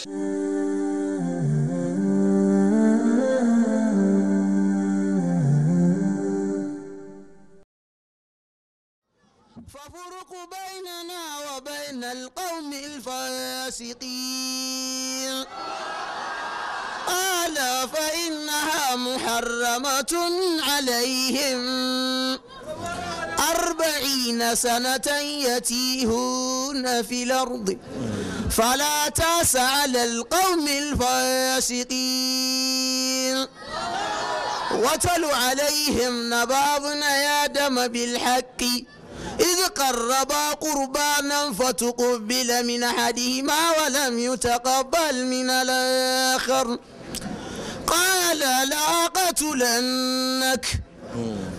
ففرق بيننا وبين القوم الفاسقين ألا فإنها محرمة عليهم أربعين سنة يتيهون في الأرض فلا تاس على القوم الفاسقين وتل عليهم نباض يا دم بالحق إذ قربا قربانا فتقبل من أحدهما ولم يتقبل من الآخر قال لا أقتلنك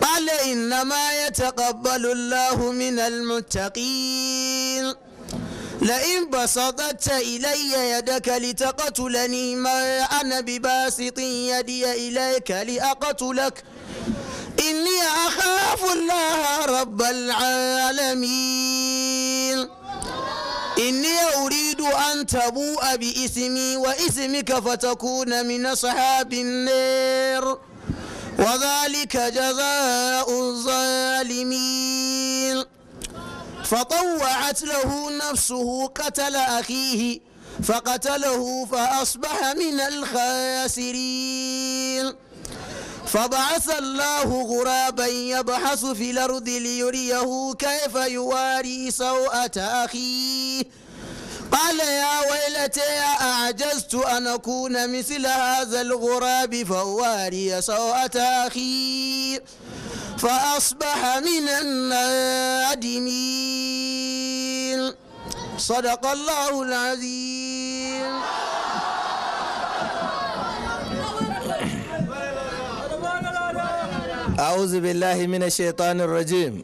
قال إنما يتقبل الله من المتقين لئن بسطت إلي يدك لتقتلني ما أنا بباسط يدي إليك لأقتلك إني أخاف الله رب العالمين إني أريد أن تبوء بإسمي وإسمك فتكون من أصحاب النار وذلك جزاء الظالمين فطوعت له نفسه قتل أخيه فقتله فأصبح من الخاسرين فبعث الله غرابا يبحث في الأرض ليريه كيف يواري سوءة أخيه قال يا ويلتي أعجزت أن أكون مثل هذا الغراب فواري سوءة أخي فأصبح من النادمين صدق الله العظيم أعوذ بالله من الشيطان الرجيم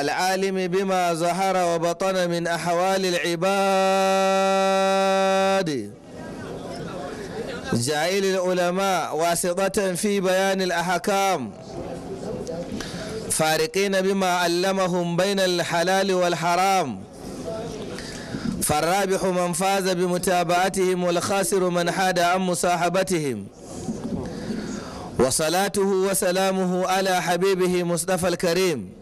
العالم بما ظهر وبطن من أحوال العباد جعل العلماء واسطة في بيان الأحكام فارقين بما علمهم بين الحلال والحرام فالرابح من فاز بمتابعتهم والخاسر من حاد عن مصاحبتهم وصلاته وسلامه على حبيبه مصطفى الكريم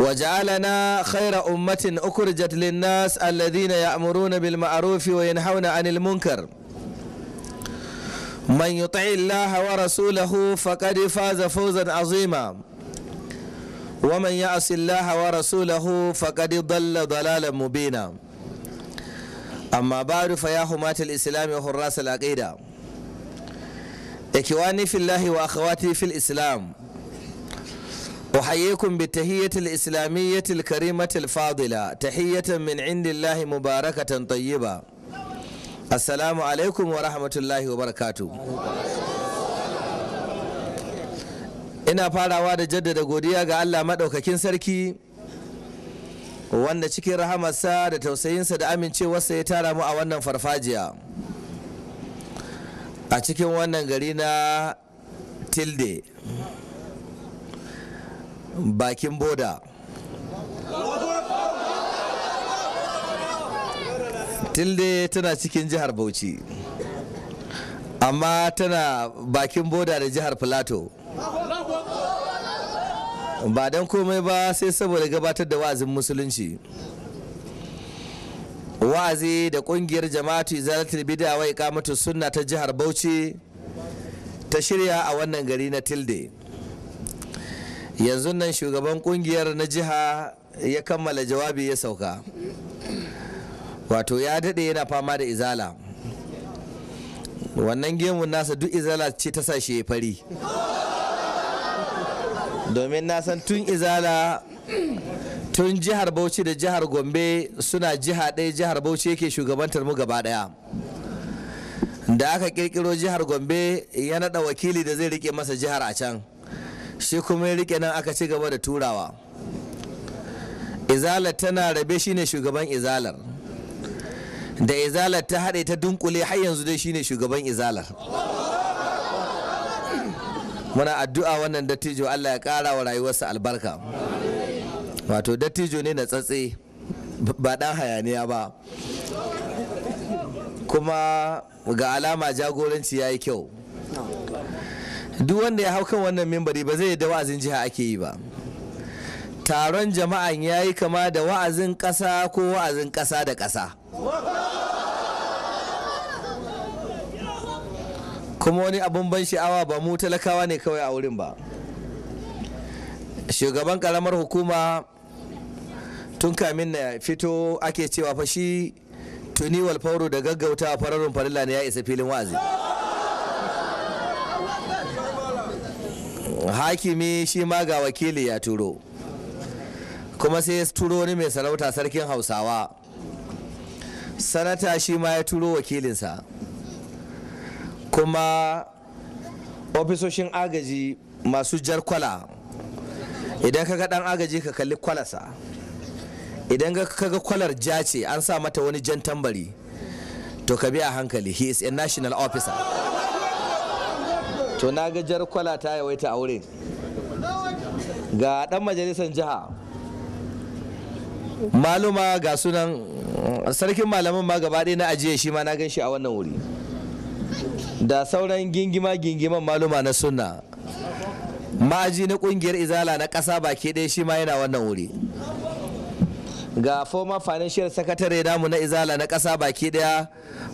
وجعلنا خير أمة أخرجت للناس الذين يأمرون بالمعروف وينهون عن المنكر من يطع الله ورسوله فقد فاز فوزا عظيما ومن يعص الله ورسوله فقد ضل ضلالا مبينا أما بعد فيا حماة الإسلام وحراس العقيدة إخواني في الله وأخواتي في الإسلام أحييكم بالتحية الإسلامية الكريمة الفاضلة تحية من عند الله مباركة طيبة السلام عليكم ورحمة الله وبركاته ina farawa da jaddada godiya ga Allah maɗaukakin sarki wanda cikin rahamarsa da tausayinsa da amincewarsa ya tara mu a wannan farfajiya a cikin wannan gari na tilde bakin boda tilde tana cikin jihar bauchi amma tana bakin boda da jihar filato ba don komai ba sai saboda gabatar da wa'azin musulunci wa'azi da kungiyar jama'atu izalatul bid'a wa iqamatu sunna ta jihar bauchi ta shirya a wannan gari na tilde yanzu nan shugaban kungiyar na jiha ya kammala jawabi ya sauka wato ya daɗe yana fama da izala wannan gemun nasa duk izala ce ta sashe ya fari domin na san tun izala tun jihar bauchi da jihar gombe suna jiha ɗaya jihar bauchi yake shugabantar mu gaba ɗaya da aka kirkiro jihar gombe ya naɗa wakili da zai rike masa jihar a can shi kuma ya rike nan aka ci gaba da turawa izalar tana rabe shine shugaban izalar da izalar ta haɗe ta dunkule har yanzu dai shine shugaban izalar muna addu'a wannan dattijo Allah ya ƙara wa rayuwarsa albarka wato dattijo ne na tsatse ba ɗan hayaniya ba kuma ga alama jagoranci ya yi kyau duk wanda ya hau kan wannan mimbari ba zai da wa'azin jiha ake yi ba taron jama'an ya yi kama da wa'azin ƙasa ko wa'azin ƙasa da ƙasa kuma wani abin ban sha'awa ba mu talakawa ne kawai a wurin ba shugaban karamar hukuma tun kamin na fito ake cewa fashi tuni walfauru da gaggauta fararun farilla ne ya isa filin wa'azi hakimi shi ma ga wakili ya turo kuma sai ya turo wani mai sarauta sarkin hausawa sanata shi ma ya turo wakilinsa kuma ofisoshin agaji masu jar kwala idan ka dan agaji ka kalli kwalasa idan ka ga kwalar ja ce an sa mata wani jan tambari to ka bi a hankali he is a national officer to na ga jar kwala ta yawaita a wurin ga dan majalisar jiha maluma ga sunan mm, sarkin malamin ma gaba na ajiye shi ma na gan shi a wannan wuri da sauran gingima gingiman maluma na sunna ma'aji na kungiyar izala na ƙasa baki ɗaya shi ma yana wannan wuri ga former financial secretary namu na izala na ƙasa baki ɗaya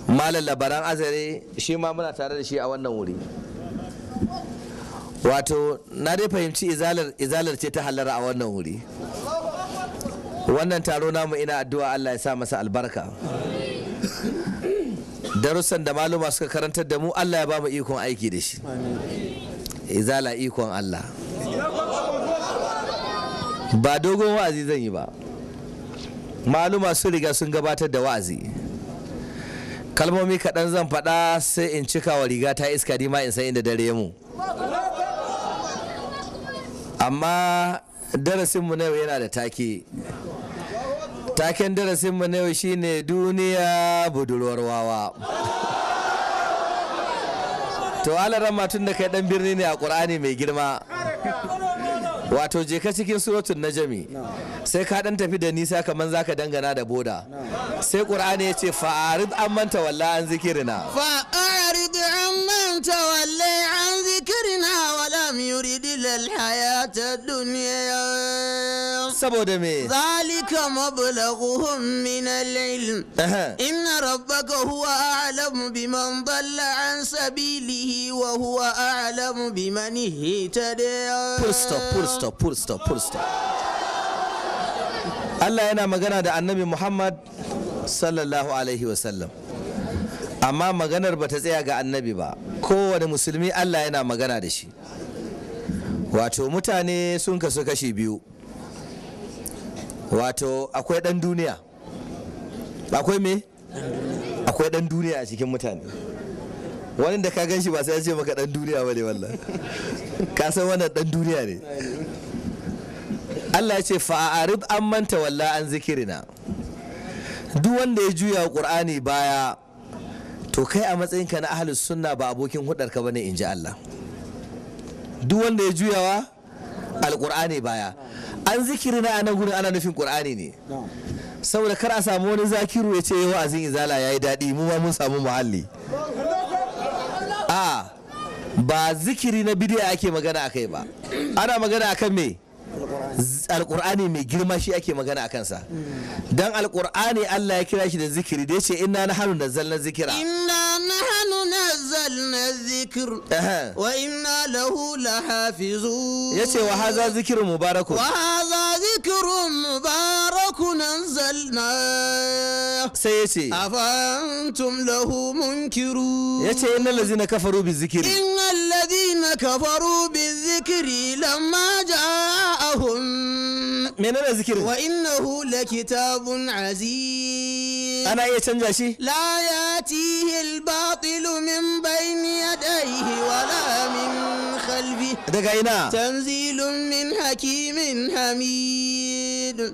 malam labaran azare shi ma muna tare da shi a wannan wuri wato na dai fahimci izalar ce ta halara a wannan wuri wannan taro namu ina addu'a Allah ya sa masa albarka darussan da maluma suka karantar da mu Allah ya ba mu ikon aiki da shi izala ikon Allah ba dogon wa'azi zan yi ba maluma sun riga sun gabatar da wa'azi kalmomi kaɗan zan faɗa sai in cika wa riga ta iska ma in san inda dare mu amma darasinmu na yau yana da take taken darasinmu na yau shine duniya budurwar wawa to alaran matun da kai dan birni ne a ƙur'ani mai girma wato je ka cikin na najami sai ka dan tafi da nisa kamar zaka dangana da boda sai qur'ani ya ce fa'arid amman tawalla an zikirina fa'arid amman tawalla an zikirina wa lam yurid lil hayata dunya saboda me zalika mablaghuhum min al-ilm inna rabbaka huwa a'lamu biman dalla an sabilihi wa huwa a'lamu biman ihtada full stop full stop full stop full stop Allah yana magana da annabi Muhammad sallallahu alaihi wasallam amma maganar ba ta tsaya ga annabi ba kowane musulmi Allah yana magana da shi wato mutane sun kasu kashi biyu wato akwai ɗan duniya akwai me akwai ɗan duniya a cikin mutane wani da ka gan shi ba sai ya ce maka ɗan duniya ba ne wallah ka san wannan ɗan duniya ne Allah ya ce fa'arib an manta walla an zikirina duk wanda ya juya Qur'ani baya to kai a matsayinka na ahlus sunna ba abokin hudar ka bane in ji Allah duk wanda ya juyawa alkur'ani baya an zikiri na anan gurin ana nufin qur'ani ne saboda kar a samu wani zakiru ya ce wa'azin izala ya yi daɗi mu ma mun samu muhalli a ba zikiri na bidiya ake magana akai ba ana magana a kan me alkur'ani mai girma shi ake magana a kansa dan alkur'ani Allah ya kira shi da zikiri da yace inna nahnu nazzalna zikira inna nahnu nazzalna zikr wa inna lahu Ya ce wa hadha zikrun mubarakun wa hadha zikrun mubarakun anzalna sai ya yace afantum lahu munkiru yace innal ladzina kafaru bi Inna innal na kafaru bi zikri lamma jaa innahum menene zikirin wa innahu lakitabun aziz ana iya canja shi la yatihi al-batilu min bayni yadayhi wa la min khalfi daga ina tanzilun min hakimin hamid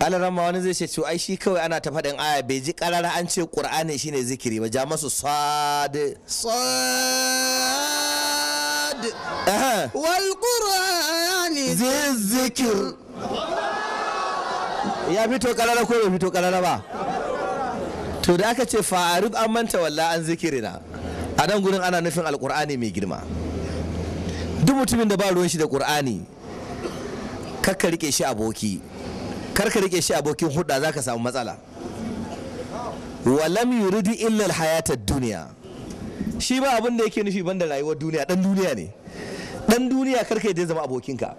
alarama wani zai ce to ai shi kawai ana ta faɗin aya bai ji ƙarara an ce Ƙur'ani shine zikiri ba ja masu sad sad العهد والقرآن ذي الذكر يا بيتو قرارة كوي بيتو قرارة با to da aka ce fa'arib an manta walla an zikirina a nan gurin ana nufin alkur'ani mai girma duk mutumin da ba ruwan shi da ƙur'ani karka rike shi aboki karka rike shi abokin hudda za ka samu matsala walam yuridu illa hayata duniya shi ba abin da yake nufi banda rayuwar duniya dan duniya ne dan duniya karka da zama abokinka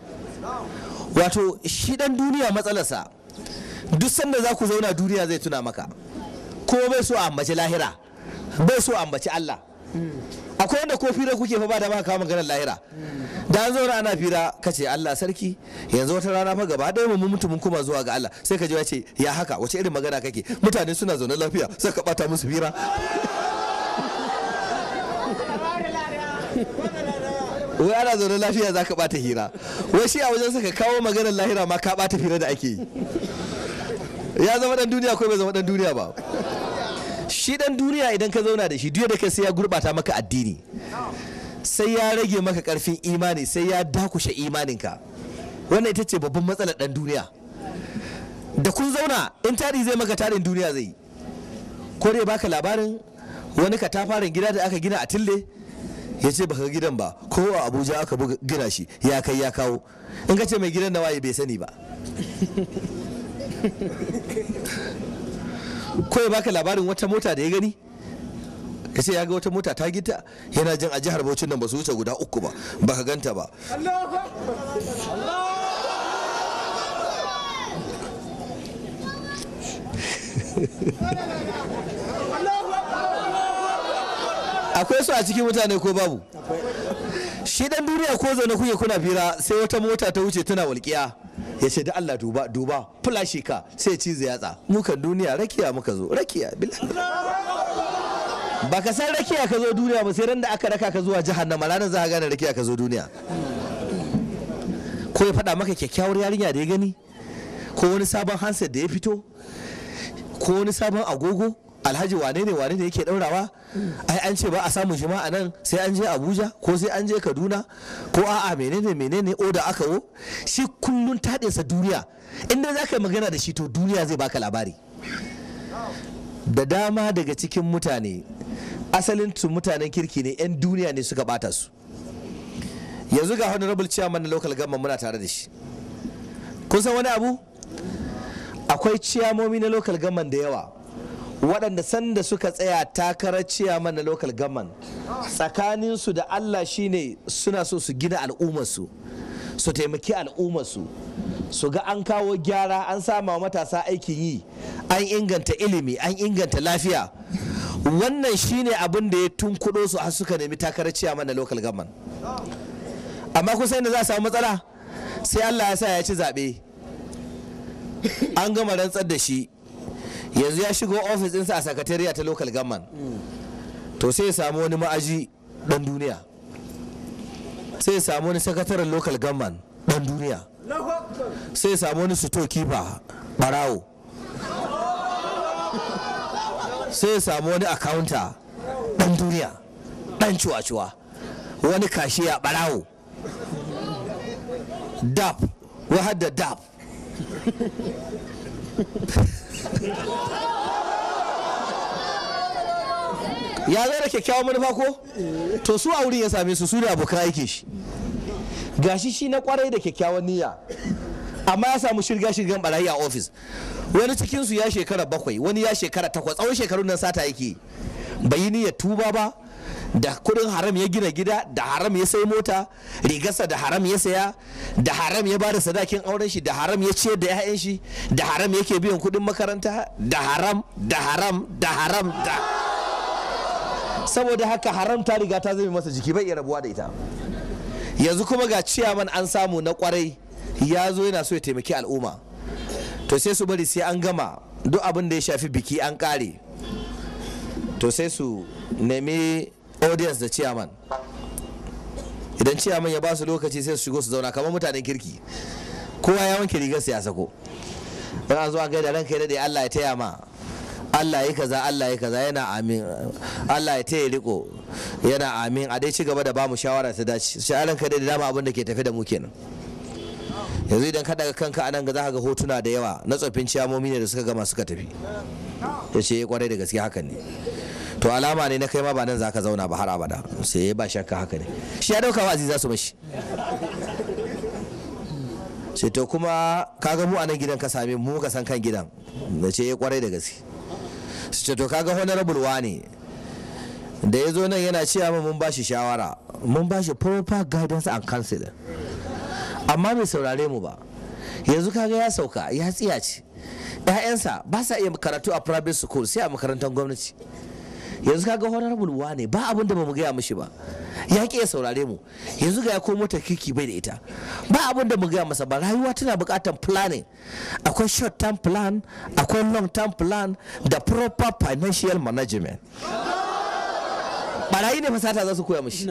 wato shi dan duniya matsalarsa duk sanda za ku zauna duniya zai tuna maka ko bai so a ambaci lahira bai so a ambaci Allah akwai wanda ko fira kuke fa ba da maka kawo maganar lahira da an zauna ana fira ka ce Allah sarki yanzu wata rana fa gaba ɗaya mu mutu mun kuma zuwa ga Allah sai ka ji ya ce ya haka wace irin magana kake mutane suna zaune lafiya sai ka bata musu fira wai ana zaune lafiya za ka bata hira wai shi a wajen ka kawo maganar lahira ma ka bata hira da ake yi ya zama dan duniya ko bai zama dan duniya ba shi dan duniya idan ka zauna da shi duk da ka sai ya gurbata maka addini sai ya rage maka karfin imani sai ya dakushe ka wannan ita ce babban matsalar dan duniya da kun zauna in tari zai maka tarin duniya zai ko dai baka labarin wani katafaren gida da aka gina a tille ya ce baka gidan ba ko a abuja aka gina shi ya kai ya kawo in ka ce mai gidan da waye bai sani ba ko ya baka labarin wata mota da ya gani ya ce ya ga wata mota ta gita yana jin a jihar bauchi nan ba su wuce guda uku ba baka ganta ba Allah akwai su a cikin mutane ko babu shi dan duniya ko zaune kuke kuna fira sai wata mota ta wuce tana walƙiya ya ce da Allah duba duba fulashi ka sai zai yatsa muka duniya rakiya muka zo rakiya ba ka san rakiya ka zo duniya ba sai ran da aka raka ka zuwa jahannama ranar za ka gane rakiya ka zo duniya ko ya faɗa maka kyakkyawar yarinya da ya gani ko wani sabon handset da ya fito ko wani sabon agogo alhaji wane ne wane ne yake daurawa ai an ce ba a samu shi a nan sai an je abuja ko sai an je kaduna ko a'a menene menene oda aka wo shi kullun sa duniya inda za ka yi magana da shi to duniya zai baka labari da dama daga cikin mutane asalin su mutanen kirki ne 'yan duniya ne suka bata su yanzu ga honorable chairman na local government muna tare da shi kun san wani abu akwai ciyamomi na local government da yawa waɗanda sanda suka tsaya takarar ciyaman na local government tsakaninsu da allah shine suna so su gina al'ummarsu su taimaki al'ummarsu su ga an kawo gyara an sama matasa aikin yi an inganta ilimi an inganta lafiya wannan shine abin da ya tunkudo su har suka nemi takarar ciyaman mana local government amma kusa inda za a samu matsala sai allah ya sa ya ci zaɓe an gama rantsar da shi yanzu ya shigo ofis ɗinsa a sakatariya ta local gamman to sai ya samu wani ma'aji ɗan duniya sai ya samu wani sakataren local gamman ɗan duniya sai ya samu wani suto kifa barawo sai ya samu wani akawunta ɗan duniya ɗan cuwa-cuwa wani kashiya barawo dap wahar da dap ya zara da kyakkyawan manufa ko to su a wurin ya same su su da abokan yake shi gashi shi na kwarai da kyakkyawan niyya amma ya samu shirga shirgan barayi a ofis wani cikinsu ya shekara bakwai wani ya shekara takwas tsawon shekarun nan sata yake bai yi niyyar tuba ba da kudin haram ya gina gida da haram ya sai mota rigarsa da haram ya saya da haram ya bada sadakin auren shi da haram ya ciyar da 'ya'yan shi da haram yake biyan kudin makaranta da haram da haram da haram da saboda haka haram ta riga ta zame masa jiki bai iya rabuwa da ita yanzu kuma ga ciyaman an samu na kwarai ya zo yana so ya taimaki al'umma to sai su bari sai an gama duk abin da ya shafi biki an kare to sai su nemi audience da chairman idan chairman ya ba su lokaci sai su shigo su zauna kamar mutanen kirki kowa ya wanke rigar sa ya sako ran zuwa da ranka ya dade Allah ya taya ma Allah ya kaza Allah ya kaza yana amin Allah ya taya riko yana amin a dai ci gaba da bamu shawara ta dace sai Allah ka dai dama abin da ke tafi da mu kenan yanzu idan ka daga kanka anan ga zaka ga hotuna da yawa na tsoffin ciyamomi ne da suka gama suka tafi ya ce eh, kwarai da gaske hakan ne to alama ne na kai ma ba nan za ka zauna ba har abada sai ba shakka haka ne shi ya dauka wazi za su mashi sai to kuma kaga mu a nan gidan ka same mu ka san kan gidan Na ce ya eh, kwarai da gaske sai to kaga honorable ne da ya zo nan yana cewa mun bashi shawara mun bashi proper guidance and counsel amma bai saurare mu ba yanzu kaga ya sauka ya tsiya 'ya'yansa ba sa iya karatu a private school sai a makarantar gwamnati yanzu kaga honorable wa ne ba abin da ba mu gaya mishi ba ya ki ya saurare mu yanzu ga ya komo ta kirki bai da ita ba abin da mu gaya masa ba rayuwa tana bukatan planning akwai short term plan akwai long term plan da proper financial management barayi ne fasata za su koya mishi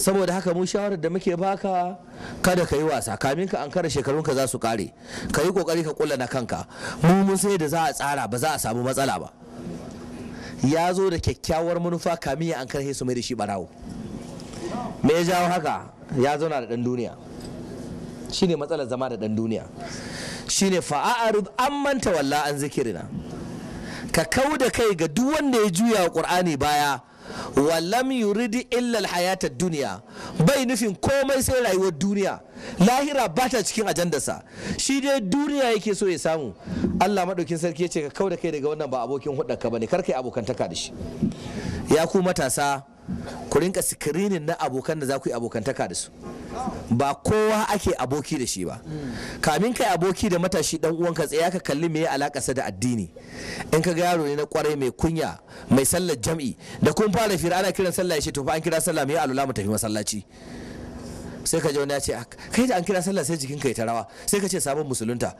saboda haka mu shawarar da muke baka kada ka yi wasa kamin ka an kare ka za su kare ka yi kokari ka kulla na kanka mu mun sai da za a tsara ba za a samu matsala ba ya zo da kyakkyawar manufa kamin ya an karhe su mai da shi barawo me ya jawo haka ya zauna da dan duniya shine matsalar zama da dan duniya shine fa'a'arud an manta walla an zikirina ka kau da kai ga duk wanda ya juya wa qur'ani baya wallam yuridi illa hayata duniya bai nufin komai sai rayuwar duniya lahira ba ta cikin ajandarsa shi dai duniya yake so ya samu Allah maɗaukin sarki ya ce ka kau da kai daga wannan ba abokin hudarka ba ne kar abokan abokantaka da shi ya ku matasa ku rinka sikirinin na abokan da za ku yi abokantaka da su ba kowa ake aboki da shi ba kamin kai aboki da matashi dan uwanka tsaya ka kalli me ya alakasa da addini in ka ga yaro ne na kwarai mai kunya mai sallar jam'i da kun fara fira ana kiran sallah ya ce to fa an kira sallah me alula mu tafi masallaci sai ka je wani ya ce ah, kai da an kira sallah sai jikinka ya tarawa sai ka ce sabon musulunta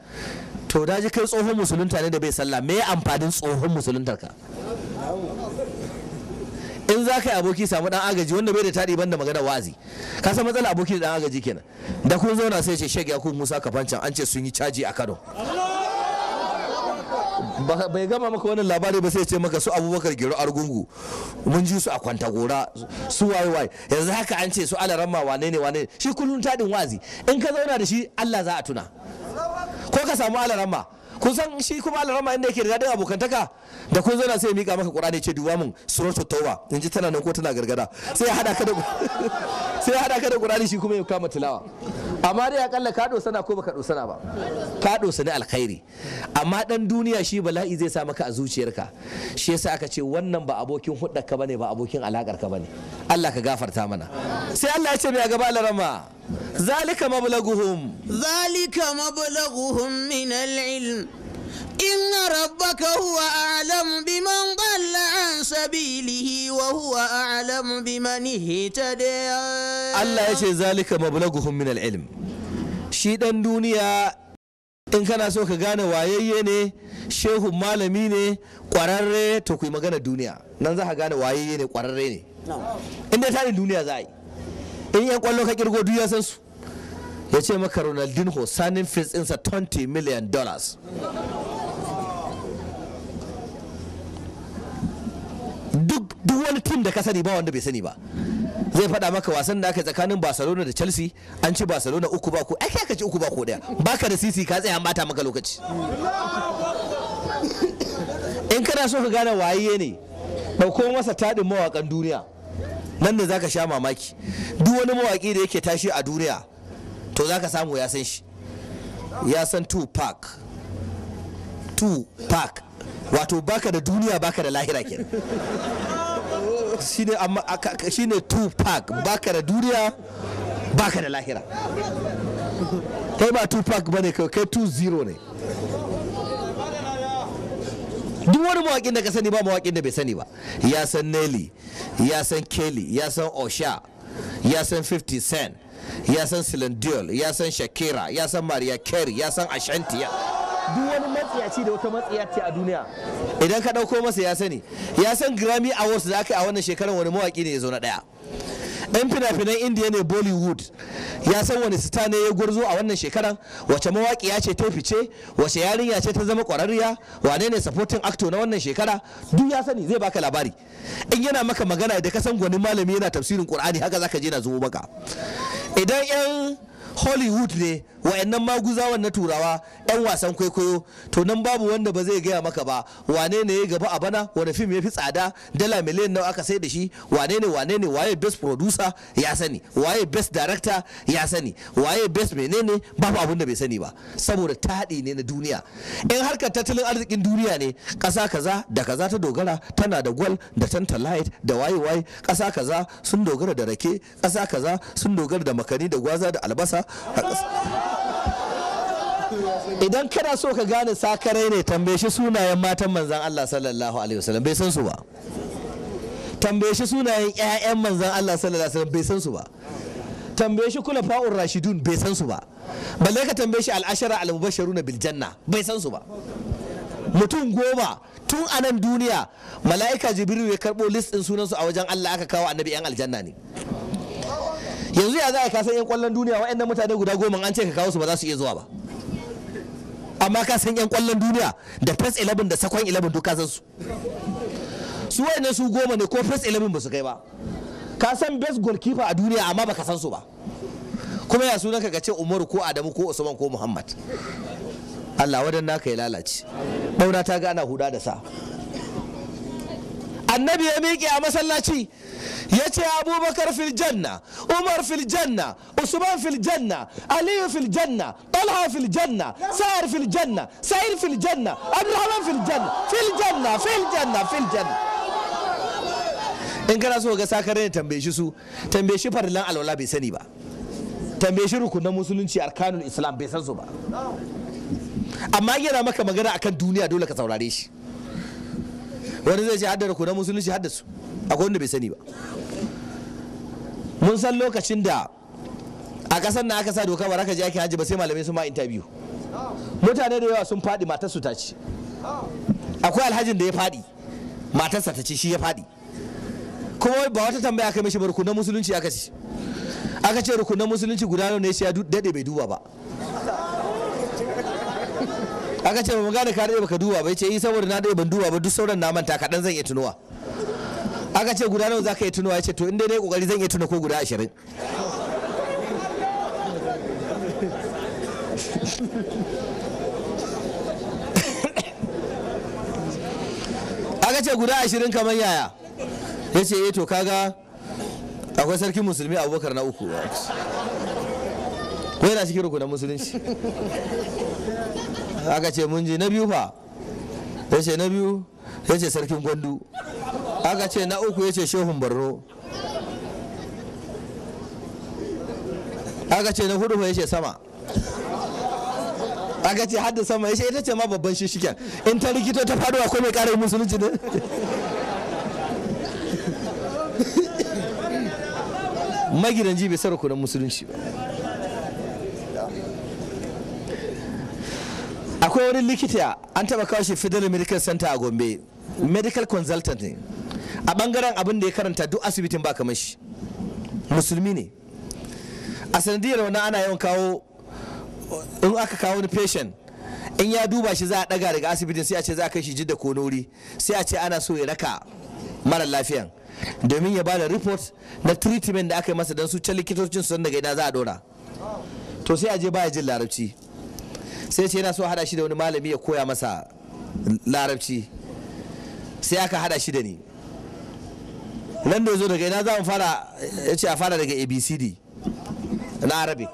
to da ji kai tsohon musulunta ne da bai sallah me amfanin tsohon musuluntar ka in za ka yi aboki samu dan agaji wanda bai da tadi banda magana wazi ka san matsala aboki da dan agaji kenan da kun zauna sai ce shek yakubu musa kafancan an ce sun yi caji a kano bai gama maka wannan labari ba sai ce maka su abubakar gero argungu mun ji su a kwanta gora su waye waye yanzu haka an ce su alaramma wane ne wane shi kullum tadin wazi in ka zauna da shi allah za a tuna ko ka samu alaramma kun san shi kuma alrama inda yake da abokantaka da kun zo na sai mika maka qur'ani ce duwa mun suratul tauba in ji tana nan ko tana gargada sai ya hada ka da sai ya hada ka da qur'ani shi kuma ya kama tilawa amma dai akalla ka na ko baka na ba ka ni alkhairi amma dan duniya shi bala'i zai sa maka a zuciyarka shi yasa aka ce wannan ba abokin hudda ka bane ba abokin alakar ka bane Allah ka gafarta mana sai Allah ya ce mai gaba alarama zalika مبلغهم ذلك مبلغهم من العلم إن ربك هو أعلم بمن ضل عن سبيله وهو أعلم بمن اهتدى الله ihtada Allah مبلغهم zalika العلم min al shi dan duniya in kana so ka gane wayayye ne shehu malami ne kwararre to kuyi magana duniya nan za ka gane wayayye kwararre ne inda tarin duniya za yi in yan kwallo ka kirgo duk ya san su ya ce maka ronaldinho sanin fees insa 20 million dollars duk wani tim da ka sani ba wanda bai sani ba zai faɗa maka wasan da aka tsakanin barcelona da chelsea an ci barcelona uku ba ko ake aka ci uku ba ko daya baka da sisi ka tsaya bata maka lokaci in kana so ka gane waye ne ɗauko masa taɗin mawakan duniya nan ne zaka sha mamaki duk wani mawaki da yake tashi a duniya to zaka samu ya san shi ya san two pack wato baka da duniya baka da lahira kenan shine amma shine pack baka da duniya baka da lahira kai ba pack bane kai two zero ne duk wani mawaƙin da ka sani ba mawaƙin da bai sani ba ya san nelly ya san kelly ya san osha ya san 50 cent ya san Celine ya san Shakira ya san maria Carey ya san Ashanti ya duk wani matsiyaci da wata matsiyaci a duniya idan ka ɗauko masa ya sani ya san Grammy Awards da aka yi a wannan shekarar wani mawaƙi ne ya zo na ɗaya ɗan fina-finan indiya ne bollywood ya san wani sita ne ya gurzo a wannan shekaran wace mawaƙiya ce ta fice wace yarinya ce ta zama ƙwararriya wane ne supporting actor na wannan shekara duk ya sani zai baka labari in yana maka magana da ka san gwanin malami yana tafsirin qur'ani haka zaka je na zubo maka idan yan hollywood ne wa'annan maguzawan na turawa 'yan wasan kwaikwayo to nan babu wanda ba zai gaya maka ba wane ne ya gaba a bana wani fim ya fi tsada dala miliyan nawa aka sai da shi wane ne wane ne waye best producer ya sani waye best director ya sani waye best menene babu abin da bai sani ba saboda taɗi ne na duniya in harkar tattalin arzikin duniya ne ƙasa kaza da kaza ta dogara tana da gwal da tantalite da waye waye ƙasa kaza sun dogara da rake ƙasa kaza sun dogara da makani da gwaza da albasa idan kana so ka gane sakarai ne tambaye shi sunayen matan manzan Allah sallallahu alaihi wasallam bai san su ba tambaye shi sunayen ƴaƴan manzan Allah sallallahu alaihi wasallam bai san su ba tambaye shi kula fa'ur rashidun bai san su ba balle ka tambaye shi al'ashara al-mubashiruna bil janna bai san su ba mutum goma tun a nan duniya mala'ika jibril ya karbo list din sunan su a wajen Allah aka kawo annabi yan aljanna ne yanzu ya za a kasan yan kwallon duniya waɗannan mutane guda goma an ce ka kawo su ba za su iya zuwa ba amma ka san yan kwallon duniya da first 11 da second 11 duk kasansu. san su su su goma ne ko first 11 ba su kai ba ka san best goalkeeper a duniya amma ba ka san su ba kuma ya sunan ka ce umaru ko adamu ko usman ko muhammad allah wadan naka ya lalace bauna ta gana huda da sa annabi ya miƙe a masallaci ya ce abubakar filjanna, umar filjanna, usman filjanna aliyu filjanna talha filjanna, sa'ar filjanna sa'ir filjanna abdurrahman filjanna filjanna filjanna in kana so ga sakare ne tambaye shi su tambaye shi farilan alwala bai sani ba tambaye shi rukunan musulunci arkanul islam bai san su ba amma yana maka magana akan duniya dole ka saurare shi wani zai ce haddar rukunan musulunci hadda su akwai wanda bai sani ba mun san lokacin da a ƙasar na aka sa doka ba raka je ake ba sai malamai sun ma interview mutane da yawa sun faɗi matarsu ta ci akwai alhajin da ya faɗi matarsa ta ci shi ya faɗi kuma ba wata tambaya aka mishi ba rukunan musulunci aka ci aka ce rukunan musulunci guda ne sai ya daɗe bai duba ba aka ce mu gane ka daɗe baka duba bai ce yi eh, saboda na daɗe ban duba ba duk sauran na manta kaɗan zan iya tunuwa aka ce guda nawa za ka tunuwa ya ce to in dai na ƙoƙari zan iya tuna ko guda ashirin aka ce guda ashirin kamar yaya ya ce eh, to kaga akwai sarki musulmi abubakar na uku ko yana cikin rukunan musulunci aka ce mun ji na biyu fa ya ce na biyu ya ce sarkin gwandu aka ce na uku ya ce shehun barro aka ce na hudu ya ce sama aka ce hadda sama ya ce ita ce ma babban shishiken in ta rikito ta faduwa ko mai karar musulunci ne magidanci bai sarakunan musulunci ba akwai wani likita an taba kawo shi federal medical center a gombe medical consultant ne a bangaren abin da ya karanta duk asibitin ba kamar shi musulmi ne a sanadiyar wani ana yawan kawo in aka kawo ni patient in ya duba shi za a daga daga asibitin sai a ce za a kai shi jidda ko nori sai a ce ana so ya raka mara lafiyan domin ya ba da report na treatment da aka yi masa don su can likitocin sun daga ina za a dora to sai a je baya jin larabci sai ce yana so hada shi da wani malami ya koya masa larabci sai aka hada shi da ni nan da zo daga ina za mu fara ya ce a fara daga abcd na arabi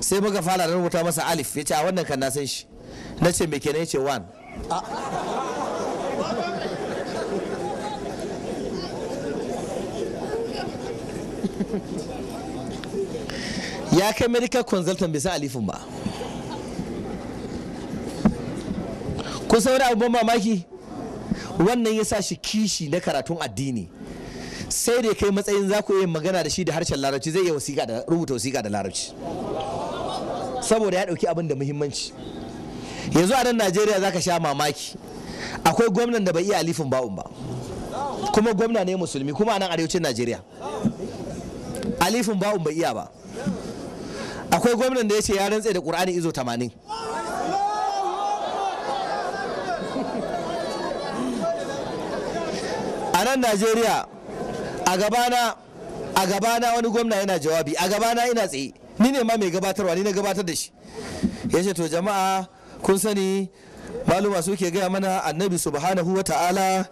sai muka fara da rubuta masa alif ya ce a wannan kan na san shi na ce me kenan ya ce you. ya kai medical consultant bai sa alifin ba kun san wani abubuwan mamaki wannan ya sa shi kishi na karatun addini sai da kai matsayin za ku iya magana da shi da harshen larabci zai iya rubuta wasiƙa da larabci saboda ya ɗauki abin da muhimmanci yanzu a nan najeriya za ka sha mamaki akwai gwamnan da bai iya alifin ba'un ba kuma gwamna ne musulmi kuma a nan arewacin najeriya alifin ba'un bai iya ba akwai gwamnan da ya ce ya rantse da ƙur'ani izo 80 a nan najeriya a gabana a gabana wani gwamna yana jawabi a gabana ina tsaye ni ne ma mai gabatarwa ni na gabatar da shi ya ce to jama'a kun sani maluma suke gaya mana annabi subhanahu wa ta'ala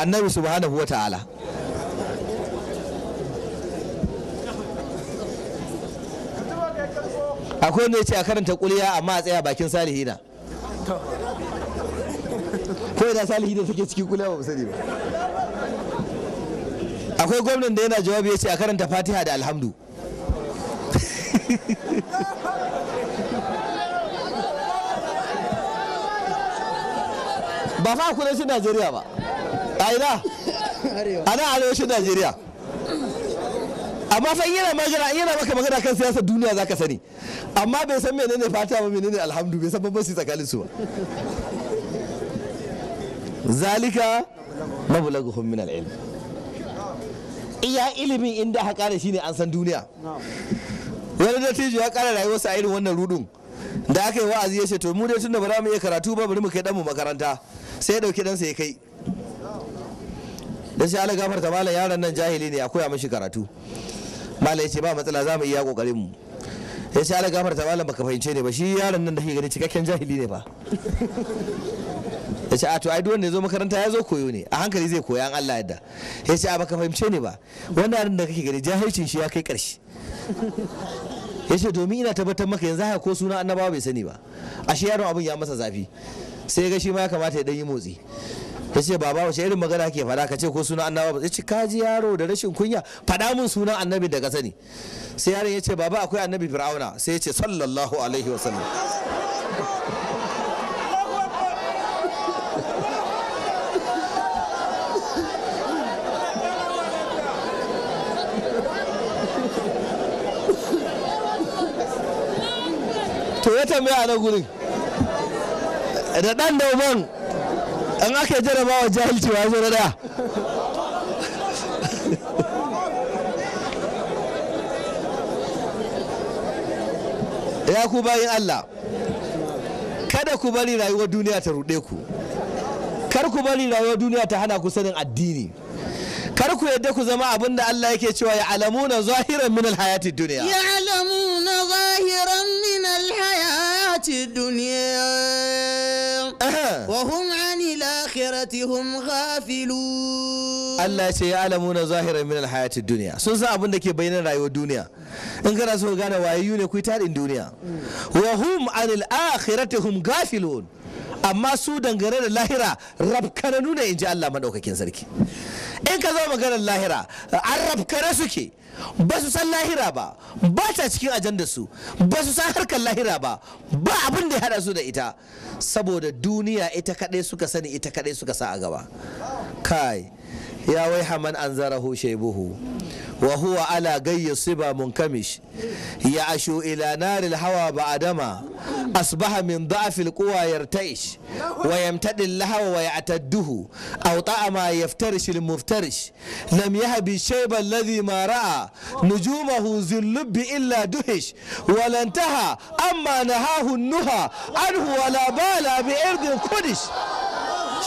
annabi subhanahu wa ta'ala akwai wanda ya ce a karanta kuliya amma a tsaya bakin salihina ko salihi salihina suke cikin kuliya ba mu sani ba akwai gwamnan da yana jawabi ya ce a karanta fatiha da alhamdu ba fa kudancin najeriya ba a ina a nan arewacin najeriya amma fa yana magana yana maka magana kan siyasar duniya zaka sani amma bai san menene fata ba menene alhamdu bai san su tsakanin su ba zalika mablaghum min al-ilm iya ilimin inda haka da shine an san duniya wani dattijo ya kara rayuwarsa a irin wannan rudun da aka yi wa'azi ya ce to mu dai tunda ba za mu iya karatu ba bari mu kai dan mu makaranta sai ya dauki dan sa ya kai da sai ala ta malam yaron nan jahili ne a koya mashi karatu malam ya ce ba matsala za mu iya kokarin mu ya ce ala ta malam baka fahimce ne ba shi yaron nan da ke gani cikakken jahili ne ba ya ce a to ai duk wanda ya zo makaranta ya zo koyo ne a hankali zai koya an Allah yadda ya ce a baka fahimce ne ba wannan nan da kake gani jahilcin shi ya kai karshe ya ce domin ina tabbatar maka yanzu haka ko suna annabawa bai sani ba ashe yaron abin ya masa zafi sai ga shi ma ya kamata ya dan yi motsi ta ce baba wace irin magana ke faɗa ka ce ko sunan annabi ba ce kaji yaro da rashin kunya faɗa mun suna annabi daga sani sai yaron ya ce baba akwai annabi fir'auna sai ya ce sallallahu alaihi wasallam to ya tambaya a nan gurin da ɗan da An aka jarabawa jahilci wa zo na daya ya ku bayin Allah kada ku bari rayuwar duniya ta ruɗe ku kar ku bari rayuwar duniya ta hana ku sanin addini kar ku yadda ku zama abin da Allah yake cewa ya alamuna zahiran min alhayati duniya ya alamuna zahiran min alhayati duniya wa hum الآخرة هم غافلون الله سيعلمون zahirar من الحياة duniya sun san abin da ke bayyana rayuwar duniya in kana so gane wayayyu ne kuyi tarin duniya wa hum anil akhirati hum amma su dangane da lahira rabkananu nuna inji Allah madaukakin sarki in ka zo maganar lahira an rabkare suke ba su san lahira ba ba ta cikin ajandar su ba su san harkar lahira ba ba abin da ya hada su da ita saboda duniya ita kadai suka sani ita kadai suka sa a gaba kai يا ويح من أنزره شيبه وهو على جي الصبا منكمش يعشو إلى نار الهوى بعدما أصبح من ضعف القوى يرتعش ويمتد اللهو ويعتده أو طعم يفترش المفترش لم يهب الشيب الذي ما رأى نجومه ذي اللب إلا دهش ولا انتهى أما نهاه النهى عنه ولا بال بإرض قدش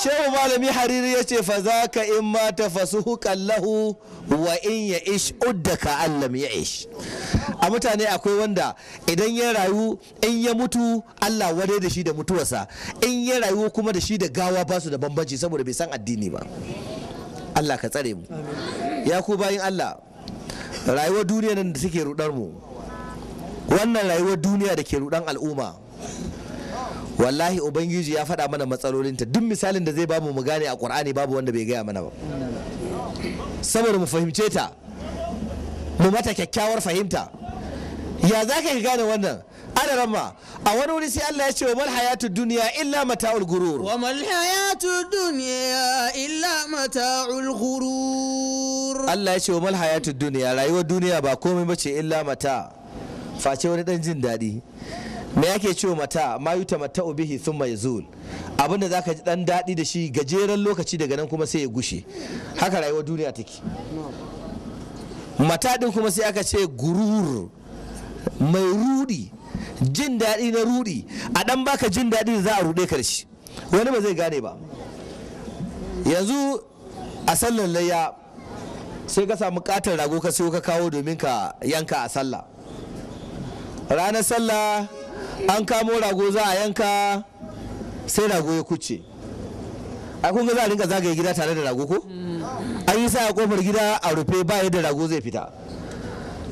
shehu malami hariri ya ce fa za ka in mata fasuhukan lahu wa in ya ish udda ka allam ya ish a mutane akwai wanda idan ya rayu in ya mutu allah wadai da shi da mutuwarsa in ya rayu kuma da shi da gawa ba su da bambanci saboda bai san addini ba allah ka tsare mu ya ku bayin allah rayuwar duniya nan da suke rudar mu wannan rayuwar duniya da ke rudan al'umma wallahi ubangiji ya faɗa mana matsalolin ta duk misalin da zai bamu mu gane a qur'ani babu wanda bai gaya mana ba saboda mu fahimce ta mu mata kyakkyawar fahimta ya za ka gane wannan ana ramma a wani wuri sai Allah ya ce wa mal hayatu duniya illa mata'ul gurur wa mal hayatu duniya illa mata'ul gurur Allah ya ce wa mal hayatu duniya rayuwar duniya ba komai bace illa mata face wani dan jin daɗi me yake ce mata ma yuta mata sun mai zuwa abinda zaka ji dan daɗi da shi gajeren lokaci daga nan kuma sai ya gushe haka rayuwar duniya take mata din kuma sai aka ce gurur mai rudi jin daɗi na rudi a dan baka jin daɗi da za a rude karshe wani ba zai gane ba yanzu a sallar layya sai ka samu katar rago ka siyo ka kawo domin ka yanka a sallah ranar sallah an kamo rago za a yanka sai rago ya kuce a kun ga za a rinka zagaye gida tare da rago ko an yi sa a kofar gida a rufe ba yadda rago zai fita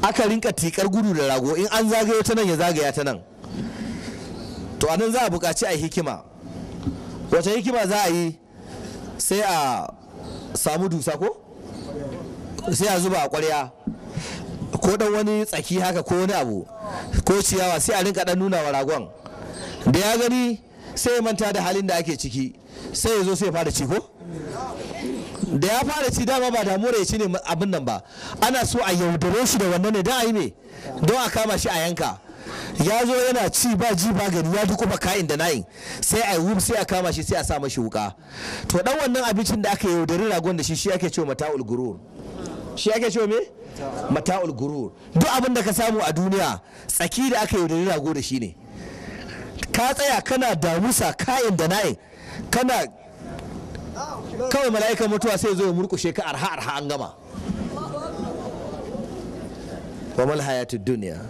aka rinka tikar gudu da rago in an zagaye ta nan ya zagaya ta nan to a nan za a buƙaci a hikima wata hikima za a yi sai a samu dusa ko sai a zuba a ƙwarya ko dan wani tsaki haka ko wani abu ko ciyawa sai a rinka dan nuna wa ragon da ya gani sai ya manta da halin da ake ciki sai ya zo sai ya fara ci ko da ya fara ci dama ba damuwar ya ci ne abin nan ba ana so a yaudare shi da wannan ne don a yi ne don a kama shi a yanka ya zo yana ci ba ji ba gari ya duku kayan da nayin sai a yi sai a kama shi sai a sa mashi wuka to dan wannan abincin da aka yaudari ragon da shi shi ake cewa mata'ul gurur shi ake cewa me mata'ul gurur duk abin da ka samu a duniya tsaki da aka yi yaudari rago da shi ne ka tsaya kana damusa kayan da na'in kana kawai mala'ikan mutuwa sai zo ya murkushe ka arha arha an gama wa mal hayatud duniya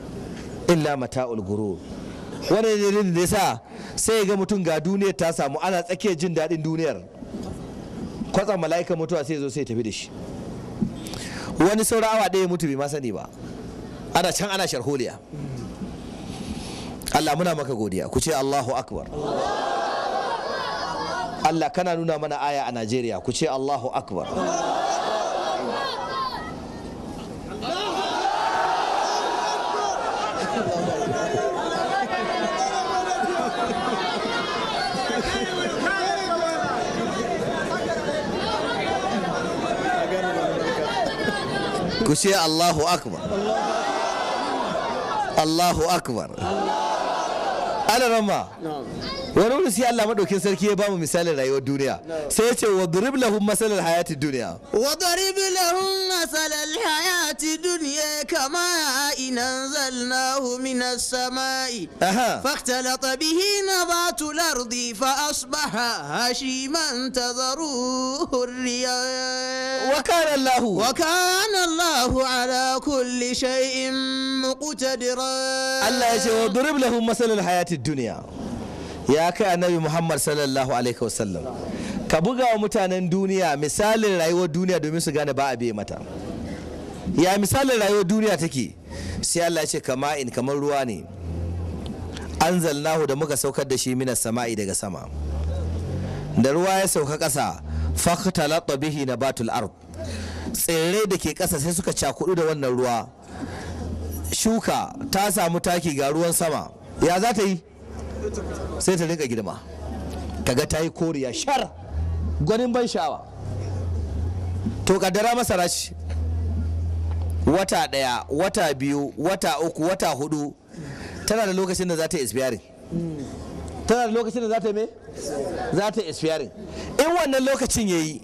illa mata'ul gurur wani dalilin da yasa sai ya ga mutum ga duniyar ta samu ana tsakiyar jin daɗin duniyar kwatsa mala'ikan mutuwa sai zo sai tafi da shi wani saura awa ɗaya mutu bai ma sani ba ana can ana sharholiya Allah muna maka godiya ku ce Allahu akbar Allah kana nuna mana aya a Najeriya ku ce Allahu akbar كسي الله أكبر الله أكبر, الله أكبر. alarama wani wuri sai Allah madaukin sarki ya bamu misalin rayuwar duniya sai ya ce wa durib lahum masalal hayati duniya wa durib lahum masalal hayati duniya kama inan zalnahu min samai fahtalata bihi nabatu al-ardi fa asbaha hashiman tadharuhu ar-riyah wa kana Allah wa kana Allah ala kulli shay'in muqtadira Allah ya ce wa durib lahum masalal hayati duniya ya kai annabi muhammad sallallahu alaihi wasallam ka buga wa mutanen duniya misalin rayuwar duniya domin su gane ba a biye mata ya misalin rayuwar duniya take sai Allah ce kama in kamar ruwa ne anzalnahu da muka saukar da shi minas sama'i daga sama da ruwa ya sauka kasa fakhtalatta bihi batul ard tsirrai da ke kasa sai suka cakudu da wannan ruwa shuka ta samu taki ga ruwan sama ya za ta yi sai ta rinka girma kaga ta yi koriya shar gwanin ban sha'awa to kaddara masa rashi wata daya wata biyu wata uku wata hudu tana da lokacin da za ta expiring tana da lokacin da za ta me za ta expiring in wannan lokacin ya yi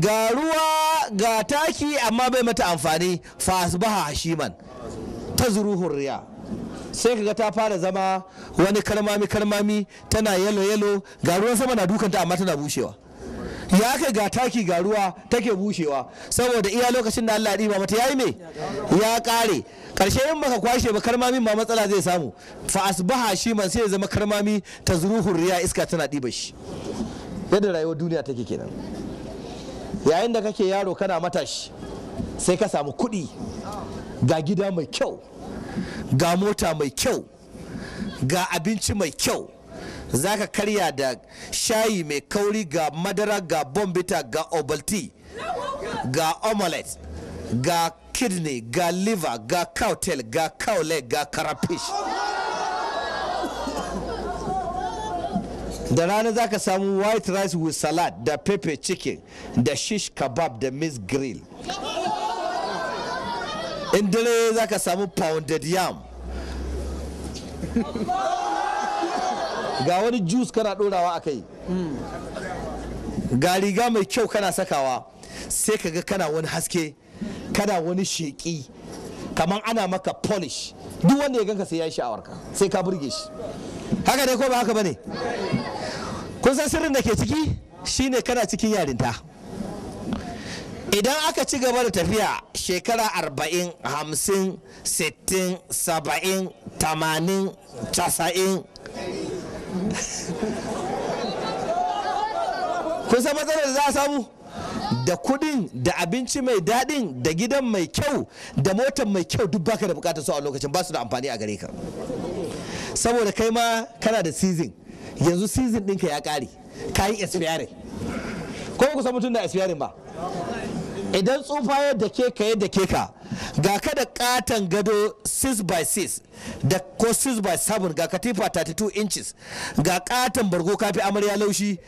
ga ruwa ga taki amma bai mata amfani fa asbaha hashiman ta zuruhun riya sai kaga ta fara zama wani karmami karmami tana yalo yalo ga ruwan sama na dukanta amma tana bushewa ya kai ga taki ga ruwa take bushewa saboda iya lokacin da Allah ya mata yayi me ya kare karshe in baka kwashe ba karmamin ma matsala zai samu fa asbaha shi man sai ya zama karmami ta zuruhur riya iska tana diba shi yadda rayuwar duniya take kenan yayin da kake yaro kana matashi sai ka samu kuɗi ga gida mai kyau ga mota mai kyau ga abinci mai kyau za ka karya da shayi mai kauri ga madara ga bombita ga obalti ga omelette ga kidney ga liver ga cowtail ga cowleg ga carapace da rana za ka samu white rice with salad da pepper chicken da shish kebab da miss grill in dare za ka samu pounded yam ga wani juice kana dorawa a kai ga riga mai kyau kana sakawa sai ka ga kana wani haske kana wani sheƙi kamar ana maka polish duk wanda ya ganka sai ya yi sha'awarka sai ka burge shi haka dai ko ba haka ba ne kun san sirrin da ke ciki shine kana cikin yarinta idan aka ci gaba da tafiya shekara arba'in hamsin sittin saba'in tamanin casa'in kusa matsalar da za a samu da kudin da abinci mai daɗin da gidan mai kyau da motar mai kyau duk baka da bukatar su a lokacin ba su da amfani a gare ka saboda kai ma kana da season yanzu season ɗinka ya ƙare ka yi expiring ko ku san mutum da expiring ba idan tsufa ya ke ka yadda ke ka ga ka da katon gado 6 by 6 da ko 6 by 7 ga katifa 32 inches ga katon bargo kafi amarya laushi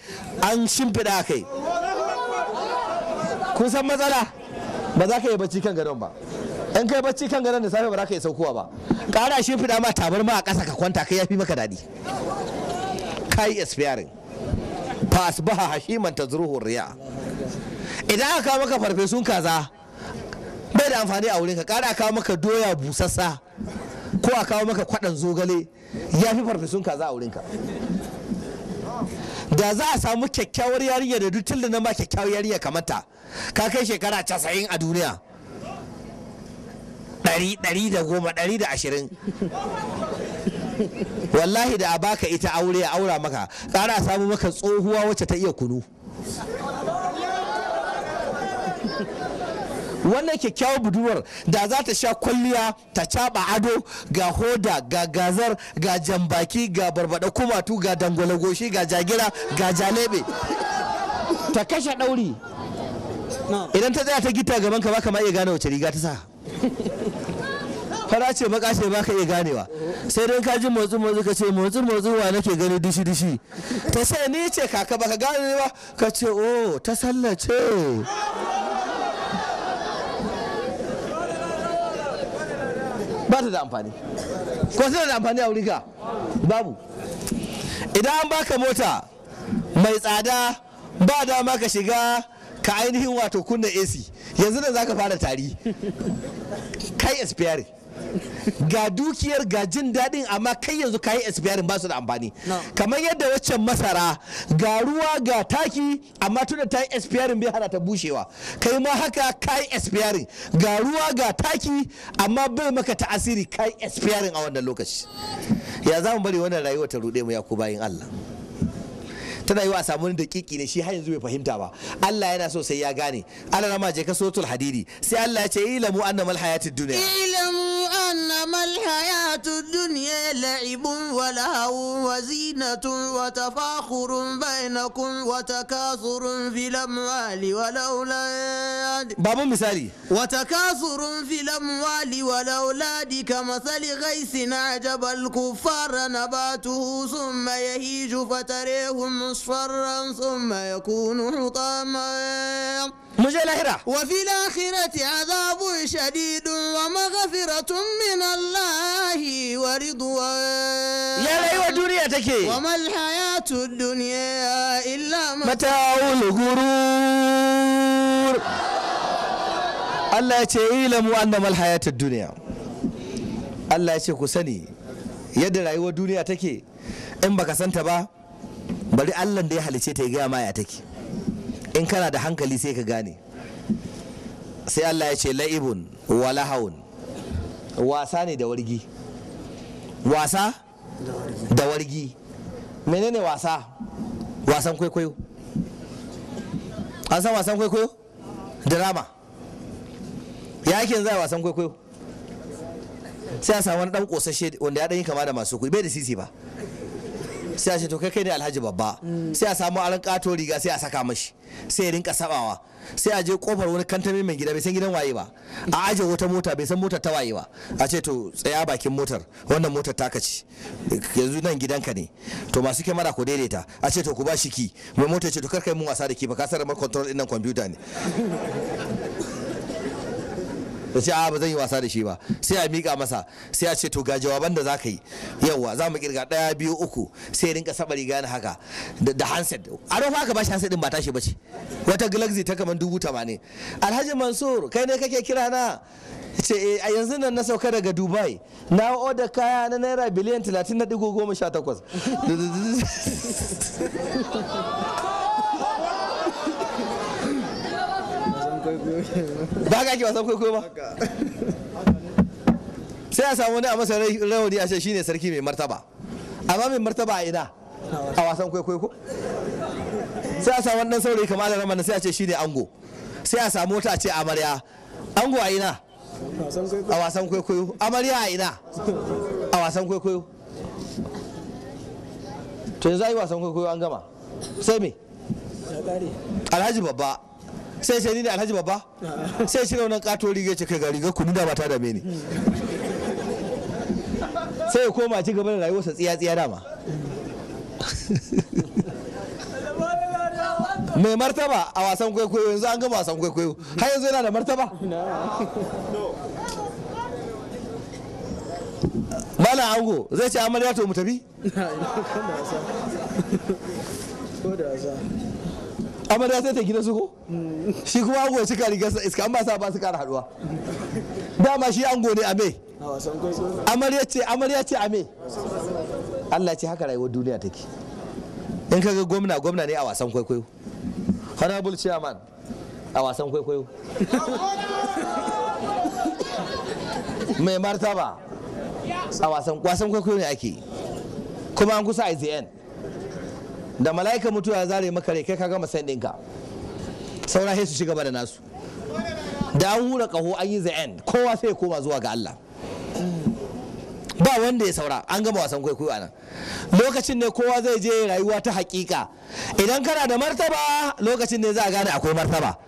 an shimfiɗa kai kun san matsala ba za ka yi bacci kan gadon ba in kai bacci kan gadon da safe ba za ka yi saukowa ba ƙara shimfiɗa ma tabar ma a ƙasa ka kwanta kai ya fi maka daɗi ka yi expiring fa asbaha hashiman tazruhu riya idan aka kawo maka farfesun kaza bai da amfani a wurinka aka kawo maka doya busassa ko aka kawo maka kwadan zogale ya fi farfesun kaza a wurinka da za a samu kyakkyawar yarinya da duk tilda na ma kyakkyawar yarinya kamata ka kai shekara casa'in a duniya ɗari ɗari da goma ɗari da ashirin wallahi da a baka ita aure a aura maka a samu maka tsohuwa wacce ta iya kunu wannan kyakkyawar budurwar da za ta sha kwalliya ta caba ado ga hoda ga gazar ga jambaki ga barbada kumatu ga dangwale ga jagira ga jalebe ta kashe ɗauri idan ta tsaya ta gita gaban ka ka ma iya gane wace riga ta sa fara ce makashe ba baka iya ganewa sai dai ka ji motsi motsi ka ce motsi motsi wa nake gani dishi dishi ta sai ni ce kaka baka gane ba ka ce o oh, ta sallace ba ta da amfani ko tana da amfani a wuri ka babu idan an baka mota mai tsada ba dama ka shiga ka ainihin wato kunna ac yanzu da za ka fara tari kai espiyare ga dukiyar ga jin daɗin amma kai yanzu ka yi espiyarin ba su da amfani kamar yadda waccan masara ga ruwa ga taki amma tunda ta yi espiyarin bai hana ta bushewa kai ma haka ka yi espiyarin ga ruwa ga taki amma bai maka ta asiri ka yi espiyarin a wannan lokaci ya za mu bari wannan rayuwa ta ruɗe mu ya ku bayin Allah tana yi wa samu wani dakiki ne shi har yanzu bai fahimta ba Allah yana so sai ya gane Allah rama je ka sotul hadidi sai Allah ya ce ilamu annamal hayatid dunya ilamu ما الحياة الدنيا لعب ولهو وزينة وتفاخر بينكم وتكاثر في الأموال والأولاد بابا مثالي وتكاثر في الأموال والأولاد كمثل غيث أعجب الكفار نباته ثم يهيج فتريه مصفرا ثم يكون حطاما mu je lahira wa fi lahirati azabu shadidu wa maghfiratun min Allah wa ridwan ya rayuwa duniya take wa mal hayatu dunya illa mata'ul ghurur Allah ya ce ilamu anna mal hayatu dunya Allah ya ce ku sani yadda rayuwar duniya take in baka santa ba bari Allah da ya halice ta ya gaya ma ya take in kana da hankali sai ka gane sai Allah ya ce la'ibun walahaun wasa ne da wargi wasa da wargi menene wasa wasan kwaikwayo an san wasan kwaikwayo drama ya ake zai wasan kwaikwayo sai a samu wani dan kosashe wanda ya dan yi kama da masu kuɗi bai da sisi ba sai a ce to kai kai ne alhaji babba sai a samu aran kato riga sai a saka mashi sai ya rinka sabawa sai a je kofar wani kantami mai gida bai san gidan waye ba a aje wata mota bai san motar ta waye ba a ce to tsaya bakin motar wannan motar ta kace yanzu nan gidanka ne to masu kyamara ku daidaita a ce to ku ba shi ki mai motar ce to kar kai mun wasa da ki ba ka sarar control din nan kwamfuta ne da ce a ba zan yi wasa da shi ba sai a miƙa masa sai a ce to ga jawaban da za ka yi yawa za mu kirga ɗaya biyu uku sai rinka saba riga haka da handset a rufa aka bashi handset din ba tashi bace wata galaxy ta kaman dubu tamanin alhaji mansur kai ne kake kira na ce eh, a yanzu nan na sauka daga dubai na oda kaya na naira biliyan talatin na digo sha takwas ba ka ake wasan kwaikwayo ba sai a samu wani a masa rauni a ce shine sarki mai martaba amma mai martaba a ina a wasan kwaikwayo sai a samu dan saurayi kamar da ramana sai a ce shine ango sai a samu wata a ce amarya ango a ina a wasan kwaikwayo amarya a ina a wasan kwaikwayo to yanzu a yi wasan kwaikwayo an gama sai me alhaji babba sai ce ni ne alhaji babba sai shi raunin kato riga ce kai ga riga kunu da mata da ne. sai ya koma ci gaba da rayuwarsa tsiya tsiya dama mai martaba a wasan kwaikwayo yanzu an gama wasan kwaikwayo har yanzu yana da martaba mana ango zai ce amalya to mu tafi amarya sai ta gida su ko shi kuma ango kari gasa iska an ba sa ba su kara haduwa dama shi ango ne ame amarya ce amarya ce ame Allah ce haka rayuwar duniya take in kaga gwamna gwamna ne a wasan kwaikwayo honorable chairman a wasan kwaikwayo mai martaba a wasan kwaikwayo ne ake kuma an kusa IZN da mala'ika mutuwa ya zare maka rai kai ka gama sayan ɗinka saura sai su da nasu da an hura ƙaho an yi za'en kowa sai ya koma zuwa ga Allah ba wanda ya saura an gama wasan kwaikwayo nan. lokacin ne kowa zai je rayuwa ta hakika idan kana da martaba lokacin ne za a gane akwai martaba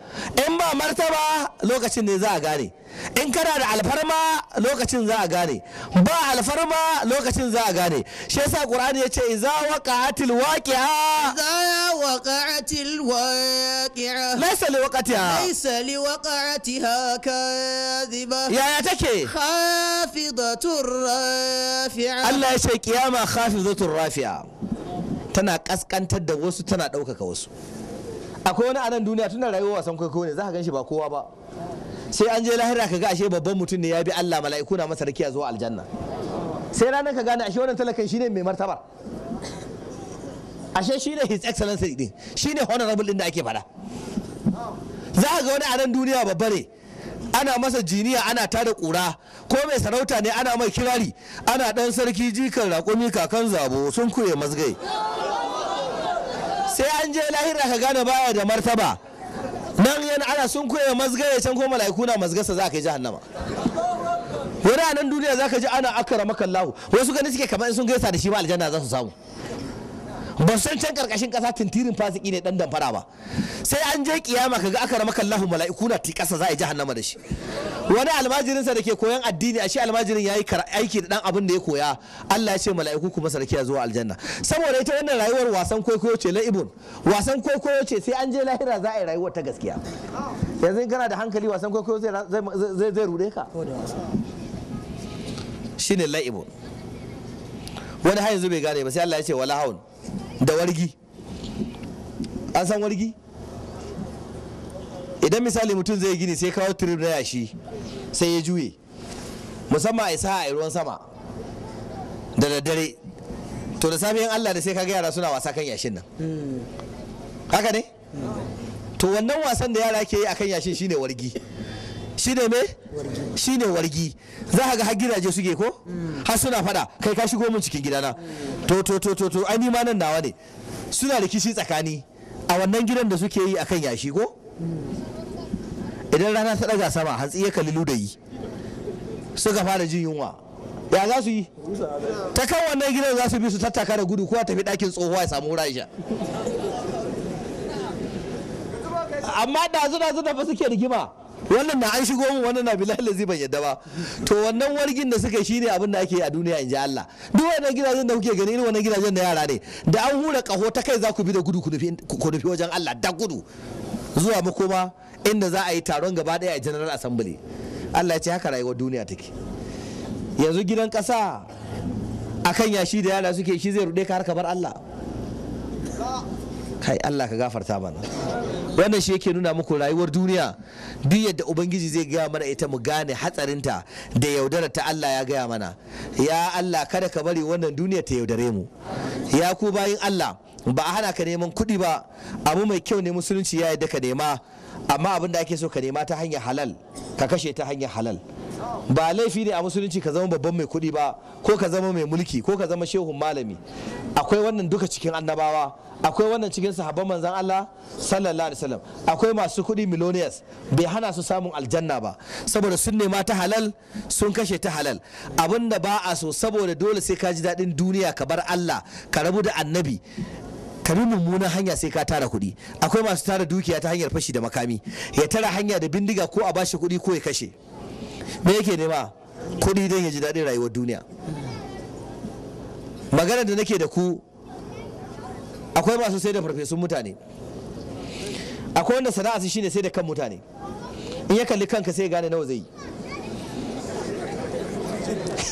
in ba martaba lokacin ne za a gane in kana da alfarma lokacin za a gane ba alfarma lokacin za a gane shi yasa qur'ani yace iza waqa'atil waqi'a iza waqa'atil waqi'a laysa li waqatiha laysa li waqa'atiha kadhiba yaya take khafidatur rafi'a Allah ya ce kiyama khafidatur rafi'a tana kaskantar da wasu tana ɗaukaka wasu akwai wani anan duniya tana rayuwa wasan kwaikwayo ne za ka gan shi ba kowa ba sai an je lahira ka ga ashe babban mutum ne ya bi Allah mala'iku na masa rakiya zuwa aljanna sai ranar ka gane ashe wannan talakan shine mai martaba ashe shine his excellency din shine honorable din da ake fada za a ga wani a nan duniya babba ne ana masa jiniya ana tada kura ko mai sarauta ne ana mai kirari ana dan sarki jikan raƙumi kakan zabo sun kure mazgai sai an je lahira ka gane baya da martaba nan yana ana sun koya mazga ya can ko mala'iku na sa za ka yi jahannama wani a nan duniya za ka ji ana akara makallahu wasu gani suke kamar in sun gaisa da shi ba aljanna za su samu ba san can karkashin kasa tintirin fasiki ne dan damfara ba sai an je kiyama kaga aka rama kallahu mala'iku na tikasa za a yi jahannama da shi wani almajirin sa dake koyan addini a shi almajirin yayi aiki da dan abin da ya koya Allah ya ce mala'iku kuma sarki zuwa aljanna saboda ita wannan rayuwar wasan kwaikwayo ce la'ibun wasan kwaikwayo ce sai an je lahira za a yi rayuwar ta gaskiya yanzu kana da hankali wasan kwaikwayo zai zai rude ka shine la'ibun wani hayanzu bai gane ba sai Allah ya ce wala haun da wargi an san wargi idan misali mutum zai gini sai kawo turin da yashi sai ya juye musamman a isa a ruwan sama da daddare to da safiyan allah da sai kaga yara suna wasa kan yashin nan hmm. haka ne to wannan wasan da yara ke yi a kan yashin shine wargi shi ne me shi ne wargi za ka ga har gidaje suke ko har suna fada kai ka shigo min cikin gidana to to to to to ai ma nan nawa ne suna kishi tsakani a wannan gidan da suke yi akan yashi ko idan rana ta daga sama hantsi ya kalli yi suka fara jin yunwa ya za su yi ta kan wannan gidan za su bi su tattaka da gudu kowa tafi dakin tsohuwa ya samu rasha amma da zuna zuna ba suke rigima wannan na an shigo min wannan na bilal zai ban yadda ba to wannan wargin da suka shine abin da ake yi a duniya in ji Allah duk wannan gidajen da kuke gani irin wannan gidajen da yara ne da an hura kaho ta kai za ku bi da gudu ku nufi wajen Allah da gudu zuwa makoma inda za a yi taron gaba daya a general assembly Allah ya ce haka rayuwar duniya take yanzu gidan kasa akan yashi da yara suke shi zai rude ka har ka bar Allah kai Allah ka gafarta mana wannan shi yake nuna muku rayuwar duniya duk yadda ubangiji zai gaya mana ita mu gane hatsarinta da yaudara ta Allah ya gaya mana ya Allah kada ka bari wannan duniya ta yaudare mu ya ku bayin Allah ba a hana ka neman kuɗi ba abu mai kyau ne musulunci ya yadda ka nema amma abin da ake so ka nema ta hanyar halal ka kashe ta hanyar halal ba laifi ne a musulunci ka zama babban mai kuɗi ba ko ka zama mai mulki ko ka zama shehun malami akwai wannan duka cikin annabawa akwai wannan cikin sahabban manzan Allah sallallahu alaihi wasallam akwai masu kuɗi millionaires bai hana su samun aljanna ba saboda sun nema ta halal sun kashe ta halal abinda ba a so saboda dole sai ka ji daɗin duniya ka bar Allah ka rabu da annabi ka bi mummunan hanya sai ka tara kuɗi akwai masu tara dukiya ta hanyar fashi da makami ya tara hanya da bindiga ko a bashi kuɗi ko ya kashe me yake nema kuɗi don ya ji daɗin rayuwar duniya magana da nake da ku akwai masu sai da farfesun mutane akwai wanda sana'a su shine sai da kan mutane in ya kalli kanka sai gane nawa zai yi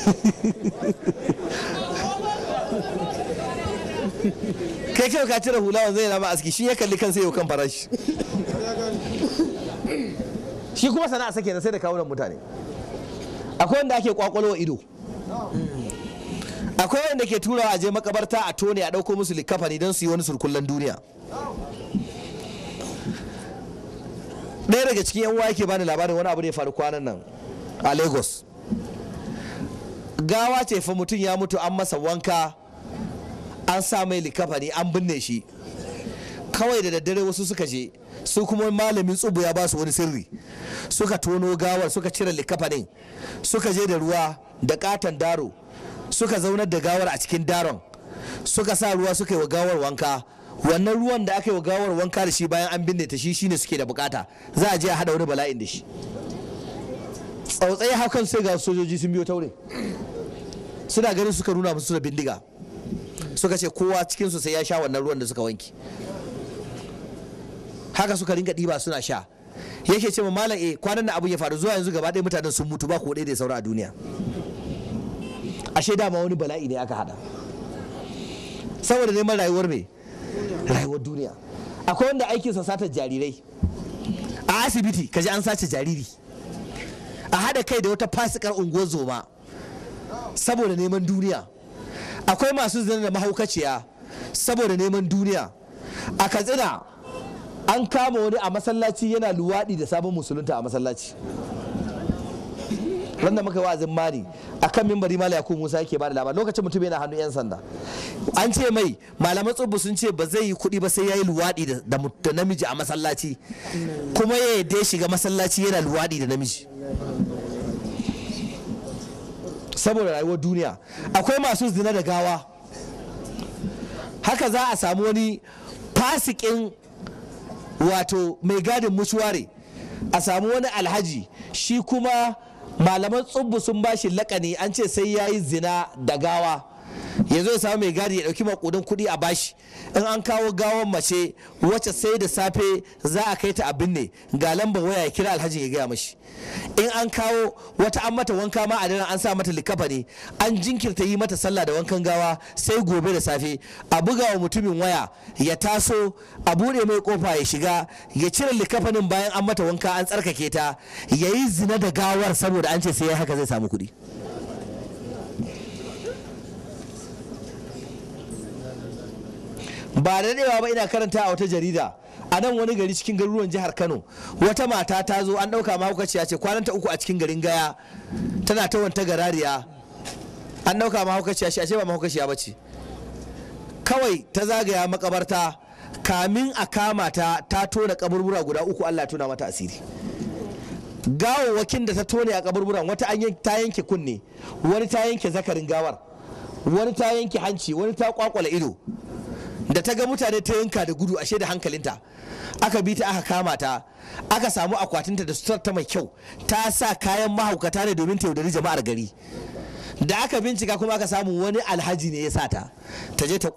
kai kai ka cire hula wanzai yana ba aski shi ya kalli kan sai yau kan farashi shi kuma sana'a sake na sai da kawunan mutane akwai wanda ake kwakwalwa ido akwai wanda ke turawa a je makabarta a tone a ɗauko musu likafani don su yi wani surkullen duniya ɗaya daga cikin yan yake bani labarin wani abu da ya faru kwanan nan a lagos gawa ce fa mutum ya mutu an masa wanka an sa mai likafani an binne shi kawai da daddare wasu suka je su kuma malamin tsubu ya ba su wani sirri suka tono gawar suka cire likafanin suka je da ruwa da katon daro suka zaunar da gawar a cikin daron suka sa ruwa suka yi wa gawar wanka wannan ruwan da aka yi wa gawar wanka da shi bayan an binne ta shi shine suke da bukata za a je a hada wani bala'in da shi tsautsayi hakan sai ga sojoji sun biyo taure suna ganin suka nuna musu da bindiga suka ce kowa cikinsu sai ya sha wannan ruwan da suka wanke. haka suka ringa ɗiba suna sha yake ce ma malam eh kwanan nan abin ya faru zuwa yanzu gaba ɗaya mutanen sun mutu ba ko ɗaya da saura a duniya ashe dama wani bala'i ne aka hada saboda neman rayuwar me rayuwar duniya akwai wanda aikinsa satar jarirai a asibiti kaji an sace jariri a hada kai da wata fasikar unguwar zoma saboda neman duniya akwai masu zina da mahaukaciya saboda neman duniya a katsina an kama wani a masallaci yana luwaɗi da sabon musulunta a masallaci wanda muka wa'azin mari a kan mimbari mala ya musa yake bada labar lokacin mutum yana hannu yan sanda an ce mai malaman tsubu sun ce ba zai yi kuɗi ba sai ya yi luwaɗi da namiji a masallaci kuma ya yadda ya shiga masallaci yana luwaɗi da namiji saboda rayuwar duniya akwai masu zina da gawa haka za a samu wani fasikin wato mai gadin musuware a samu wani alhaji shi kuma malaman tsubbu sun bashi lakani an ce sai ya yi zina da gawa yanzu ya samu mai gadi ya dauki makudan kuɗi a bashi in an kawo gawon mace wacce sai da safe za a kai ta abin ne ga lambar waya ya kira alhaji ya gaya mashi in an kawo wata an mata wanka ma a daren an sa mata likafa ne an jinkirta yi mata sallah da wankan gawa sai gobe da safe a buga wa mutumin waya ya taso a bude mai kofa ya shiga ya cire likafanin bayan an mata wanka an tsarkake ta ya yi zina da gawar saboda an ce sai haka zai samu kuɗi. ba da daɗewa ba ina karanta a wata jarida a nan wani gari cikin garuruwan jihar kano wata mata ta zo an ɗauka mahaukaciya ce kwananta uku a cikin garin gaya tana ta wanta garariya an ɗauka mahaukaciya ce ashe ba mahaukaciya ba ce kawai ta zagaya makabarta kamin a kama ta ta tona kaburbura guda uku allah tona mata asiri gawawwakin da ta tone a kaburburan wata ta yanke kunne wani ta yanke zakarin gawar wani ta yanke hanci wani ta kwakwala ido da ta ga mutane ta yanka da gudu ashe da hankalinta aka bi ta aka kama ta aka samu akwatinta da sutar ta mai kyau ta sa kayan mahaukata ne domin ta yaudari jama'ar gari da aka bincika kuma aka samu wani alhaji ne ya sa ta ta je ta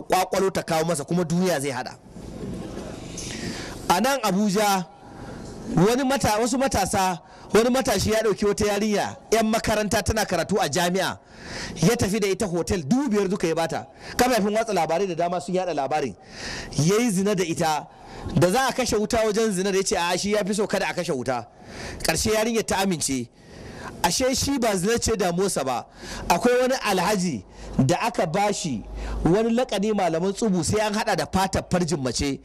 kwakwalo ta kawo masa kuma duniya zai hada a nan abuja wasu matasa wani matashi ya ɗauki wata yarinya 'yan makaranta tana karatu a jami'a ya tafi da ita hotel dubu biyar duka ya bata kafafin watsa labarai da dama sun yada labarin ya yi zina da ita da za a kashe wuta wajen zina da ya ce a shi ya fi so kada a kashe wuta karshe yarinya ta amince ashe shi ba zina ce da damuwarsa ba akwai wani alhaji da aka bashi wani lakani malaman tsubu sai an hada da fatar farjin mace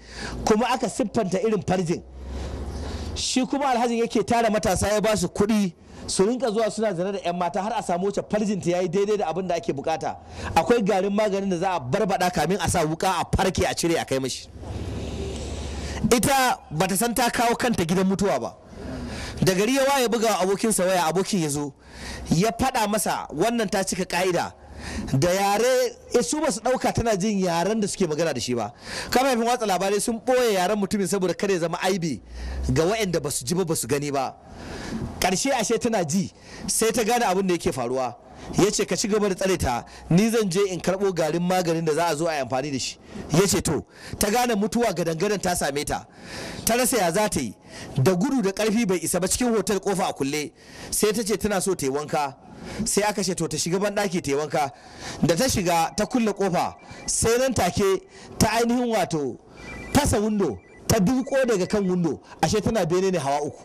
kuma aka siffanta irin farjin shi kuma alhajin yake tara matasa ya ba kuɗi su rinka zuwa suna zane da 'yan mata har a samu wacce farjinta ya yi daidai da abin da ake bukata akwai garin maganin da za a barbada kamin a sa wuka a farke a cire a kai mashi ita bata san ta kawo kanta gidan mutuwa ba da gari ya waye buga abokinsa waya abokin ya zo ya faɗa masa wannan ta cika ka'ida da yare eh, su ba su ɗauka tana jin yaren da suke magana da shi ba kafafin watsa labarai sun boye yaren mutumin saboda kare ya zama aibi ga wa'anda ba su ji ba ba su gani ba Karshe ashe tana ji sai ta gane abin da yake faruwa ya ce ka ci gaba da tsare ta ni zan je in karɓo garin maganin da za a zo a yi amfani da shi ya ce to ta gane mutuwa ga dangaren ta same ta ta rasa ya za ta yi da gudu da ƙarfi bai isa ba cikin hotel kofa a kulle sai ta ce tana so ta yi wanka sai aka ce to ta shiga banɗaki ta yi wanka da ta shiga ta kulle kofa sai nan take ta ainihin wato fasa windo ta dirko daga kan windo ashe tana bene ne hawa uku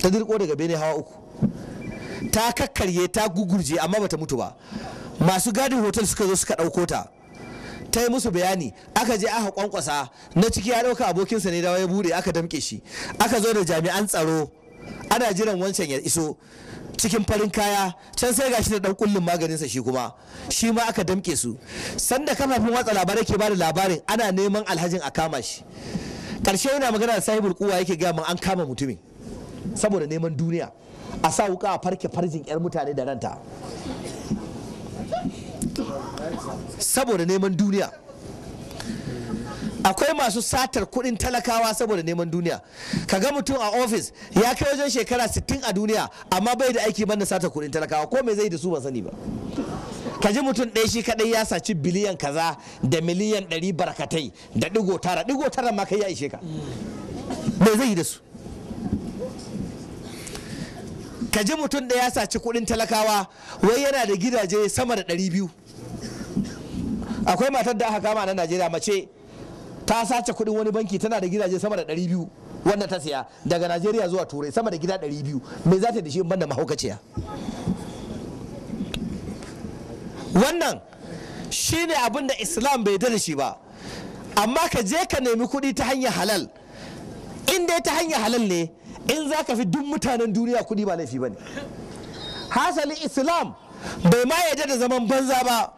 ta dirko daga bene hawa uku ta kakkarye ta gugurje amma bata mutu ba masu gadin hotel suka zo suka ɗauko ta ta yi musu bayani aka je aka kwankwasa na ciki ya ɗauka abokinsa ne dawa ya bude aka damƙe shi aka zo da jami'an tsaro ana jiran wancan ya iso cikin farin kaya can sai gashi da dan kullun maganinsa shi kuma shi ma aka damke su sanda kafafin watsa labarai ke bada labarin ana neman alhajin a kama shi karshe yana magana da sahibul kuwa yake gaya mun an kama mutumin saboda neman duniya a sa wuka a farke farjin yar mutane da ranta saboda neman duniya akwai masu satar kuɗin talakawa saboda neman duniya ka ga mutum a ofis ya kai wajen shekara 60 a duniya amma bai da aiki banda satar kuɗin talakawa ko me zai da su ban sani ba ka ji mutum ɗaya shi kaɗai ya saci biliyan kaza da miliyan ɗari barkatai da ɗigo tara ɗigo tara ma kai ya ishe ka me zai yi da su ka ji mutum ɗaya ya saci kuɗin talakawa wai yana da gidaje sama da ɗari biyu akwai matar da aka kama na najeriya mace ta sace kuɗin wani banki tana da gidaje sama da 200 wannan ta siya daga najeriya zuwa turai sama da gida 200 mai zata ta da shi in banda mahaukaciya wannan ne abin da islam bai da shi ba amma ka je ka nemi kuɗi ta hanyar halal in dai ta hanyar halal ne in za ka fi duk mutanen duniya kuɗi ba laifi ba ne hasali islam bai ma yarda da zaman banza ba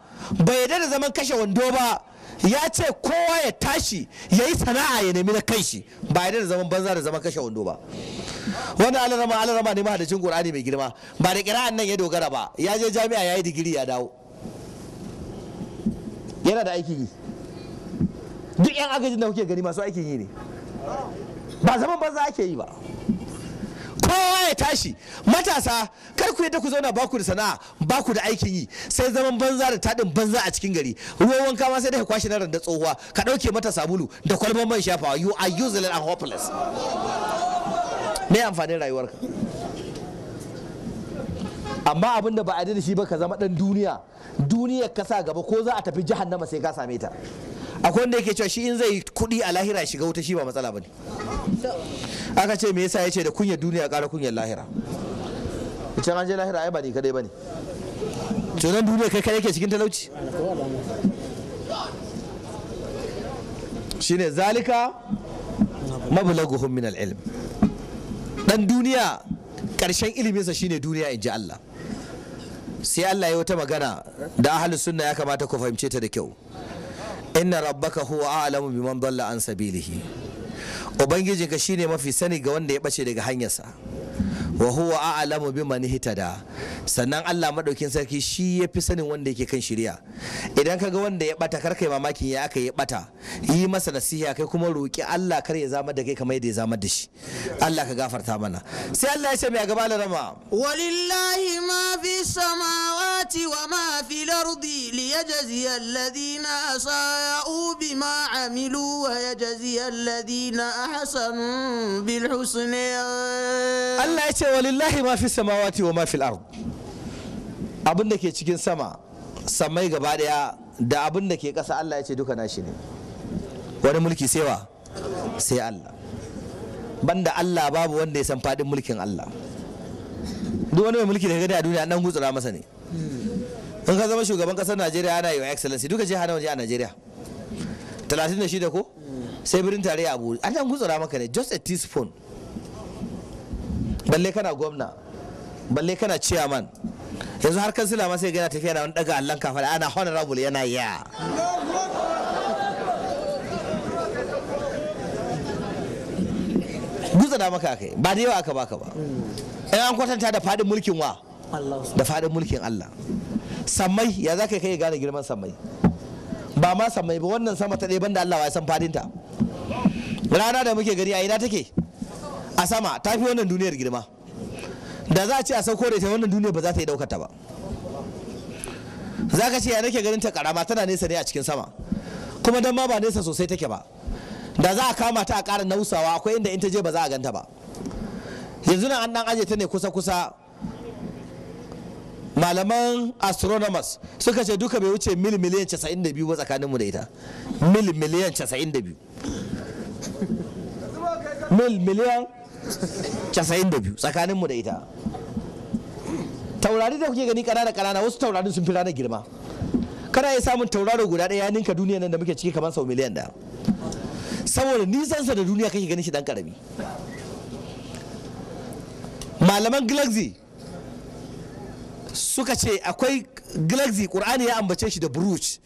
bai yarda da zaman kashe wando ba ya ce kowa ya tashi ya yi sana'a ya nemi na kai shi ba ya da zaman banza da zaman kashe wando ba wani alarama alarama ne ma cin qur'ani mai girma ba da kira'an nan ya dogara ba ya je jami'a ya yi digiri ya dawo yana da aikin yi duk yan agajin da kuke gani masu aikin yi ne ba zaman banza ake yi ba kowa ya tashi matasa kar ku yadda ku zauna ba ku da sana'a ba ku da aikin yi sai zaman banza da taɗin banza a cikin gari ruwan wanka ma sai da kwashi na randa tsohuwa ka ɗauke mata sabulu da kwalban man shafawa you are useless and hopeless me amfanin rayuwarka amma abin da ba a da shi ba ka zama dan duniya duniya ka sa gaba ko za a tafi jahannama sai ka same ta akwai wanda yake cewa shi in zai kuɗi a lahira shiga wuta shi ba matsala bane aka ce me yasa yace da kunyar duniya ƙara kunyar lahira can an je lahira ai ba ni kadai bane to nan duniya kai kai yake cikin talauci shine zalika mablaguhum min al-ilm dan duniya karshen sa shine duniya in ji Allah sai Allah ya wata magana da ahlus sunna ya kamata ku fahimce ta da kyau inna rabbaka huwa a'lamu biman dalla an sabilihi ubangijinka shine mafi sani ga wanda ya bace daga hanyarsa wa huwa a'lamu hita da sannan Allah madaukin sarki shi ya fi sanin wanda yake kan shirya idan kaga wanda ya bata kar yi mamakin ya aka ya bata yi masa nasiha kai kuma roki Allah kar ya zama da kai kamar yadda ya zama da shi Allah ka gafarta mana sai Allah ya ce mai gaba da rama walillahi ma fi samawati wa ma fi lardi liyajzi alladhina asa'u bima amilu wa yajzi alladhina ahsanu bil husna Allah ya ce walillahi ma fi samawati wa ma fil ard abin da ke cikin sama sammai gaba daya da abin da ke kasa Allah ya ce duka nashi ne wani mulki sai wa sai Allah banda Allah babu wanda ya san fadin mulkin Allah duk wani mai mulki da gani a duniya nan gutsura masa ne in ka zama shugaban kasar Najeriya ana yiwa wa excellency duka jiha waje a Najeriya 36 ko sai birnin tarayya Abuja an nan gutsura maka ne just a teaspoon balle kana gwamna balle kana ciyaman yanzu har sila ma sai gana tafiya na wani daga allon kafin da ana honorable yana ya gutsa da maka kai ba da yawa aka baka ba in an kwatanta da fadin mulkin wa da fadin mulkin Allah sammai ya za ka kai gane girman sammai ba ma sammai ba wannan sama ta ɗaya banda Allah wa ya san fadinta rana da muke gari a ina take a sama ta fi wannan duniyar girma da za a ce a sauko da ita wannan duniyar ba za ta yi ɗaukata ba za ka ce ya nake ganin ta karama tana nesa ne a cikin sama kuma don ma ba nesa sosai take ba da za a kama ta a ƙara nausawa akwai inda in ta je ba za a ganta ba yanzu nan an dan aje ta ne kusa-kusa malaman astronomers suka ce duka bai wuce mil miliyan 92 ba tsakaninmu da ita mil miliyan 92 mil miliyan biyu tsakaninmu da ita taurari da kuke gani kanana kanana wasu taurarin sun fi rana girma kana iya samun tauraro guda ɗaya ninka duniya nan da muke ciki kamar sau miliyan da saboda nisansa da duniya kake ganin shi dan karami malaman galaxy suka ce akwai galaxy qur'ani ya ambace shi da buruc.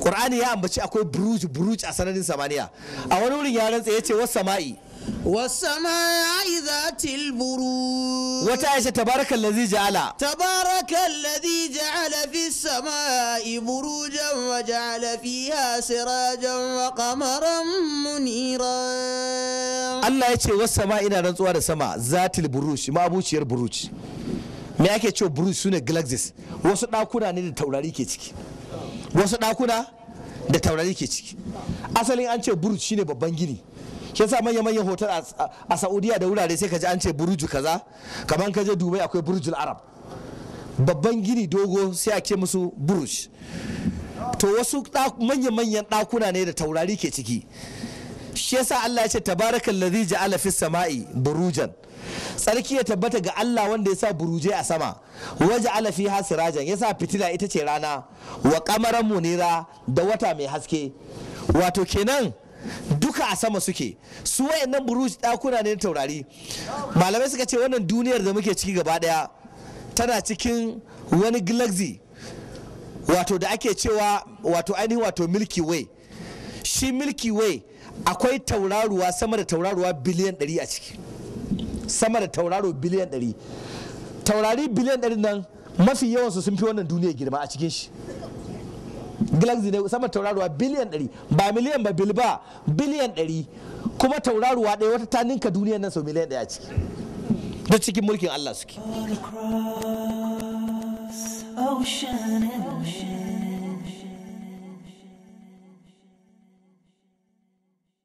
qur'ani ya ambace akwai buruc buruc a sanarin samaniya a wani wurin ya rantsa ya ce wasu sama'i والسماء ذات البروج وتعيش تبارك الذي جعل تبارك الذي جعل في السماء بروجا وجعل فيها سراجا وقمرا منيرا الله يتي والسماء إنا ننزوها السماء ذات البروج ما أبو شير بروج me ake cewa bruce sune galaxies wasu ɗakuna ne da taurari ke ciki wasu ɗakuna da taurari ke ciki asalin an ce bruce shine babban gini ke sa manya manyan hotel a saudiya da wurare sai ka an ce buruju kaza kamar kaje je dubai akwai burjul arab babban gini dogo sai a ce musu buruj to wasu manya manyan dakuna ne da taurari ke ciki shi yasa Allah ya ce tabarakal ladhi ja'ala fis sama'i burujan sarki ya tabbata ga Allah wanda ya sa buruje a sama waje alafi fi hasirajan ya sa fitila ita ce rana wa kamaran munira da wata mai haske wato kenan duka a sama suke su wayannan buruj dakuna ne taurari malamai suka ce wannan duniyar da muke ciki gaba daya tana cikin wani galaxy wato da ake cewa wato ainihin wato milky way shi milky way akwai tauraruwa sama da tauraruwa biliyan 100 a ciki sama da tauraro biliyan 100 taurari biliyan 100 nan mafi yawansu sun fi wannan duniya girma a cikin shi galaxy ne sama tauraruwa biliyan 100 ba miliyan ba ba, biliyan ɗari. kuma tauraruwa ɗaya wata ta ninka duniyar nan sau miliyan ɗaya ciki duk cikin mulkin Allah suke. Ocean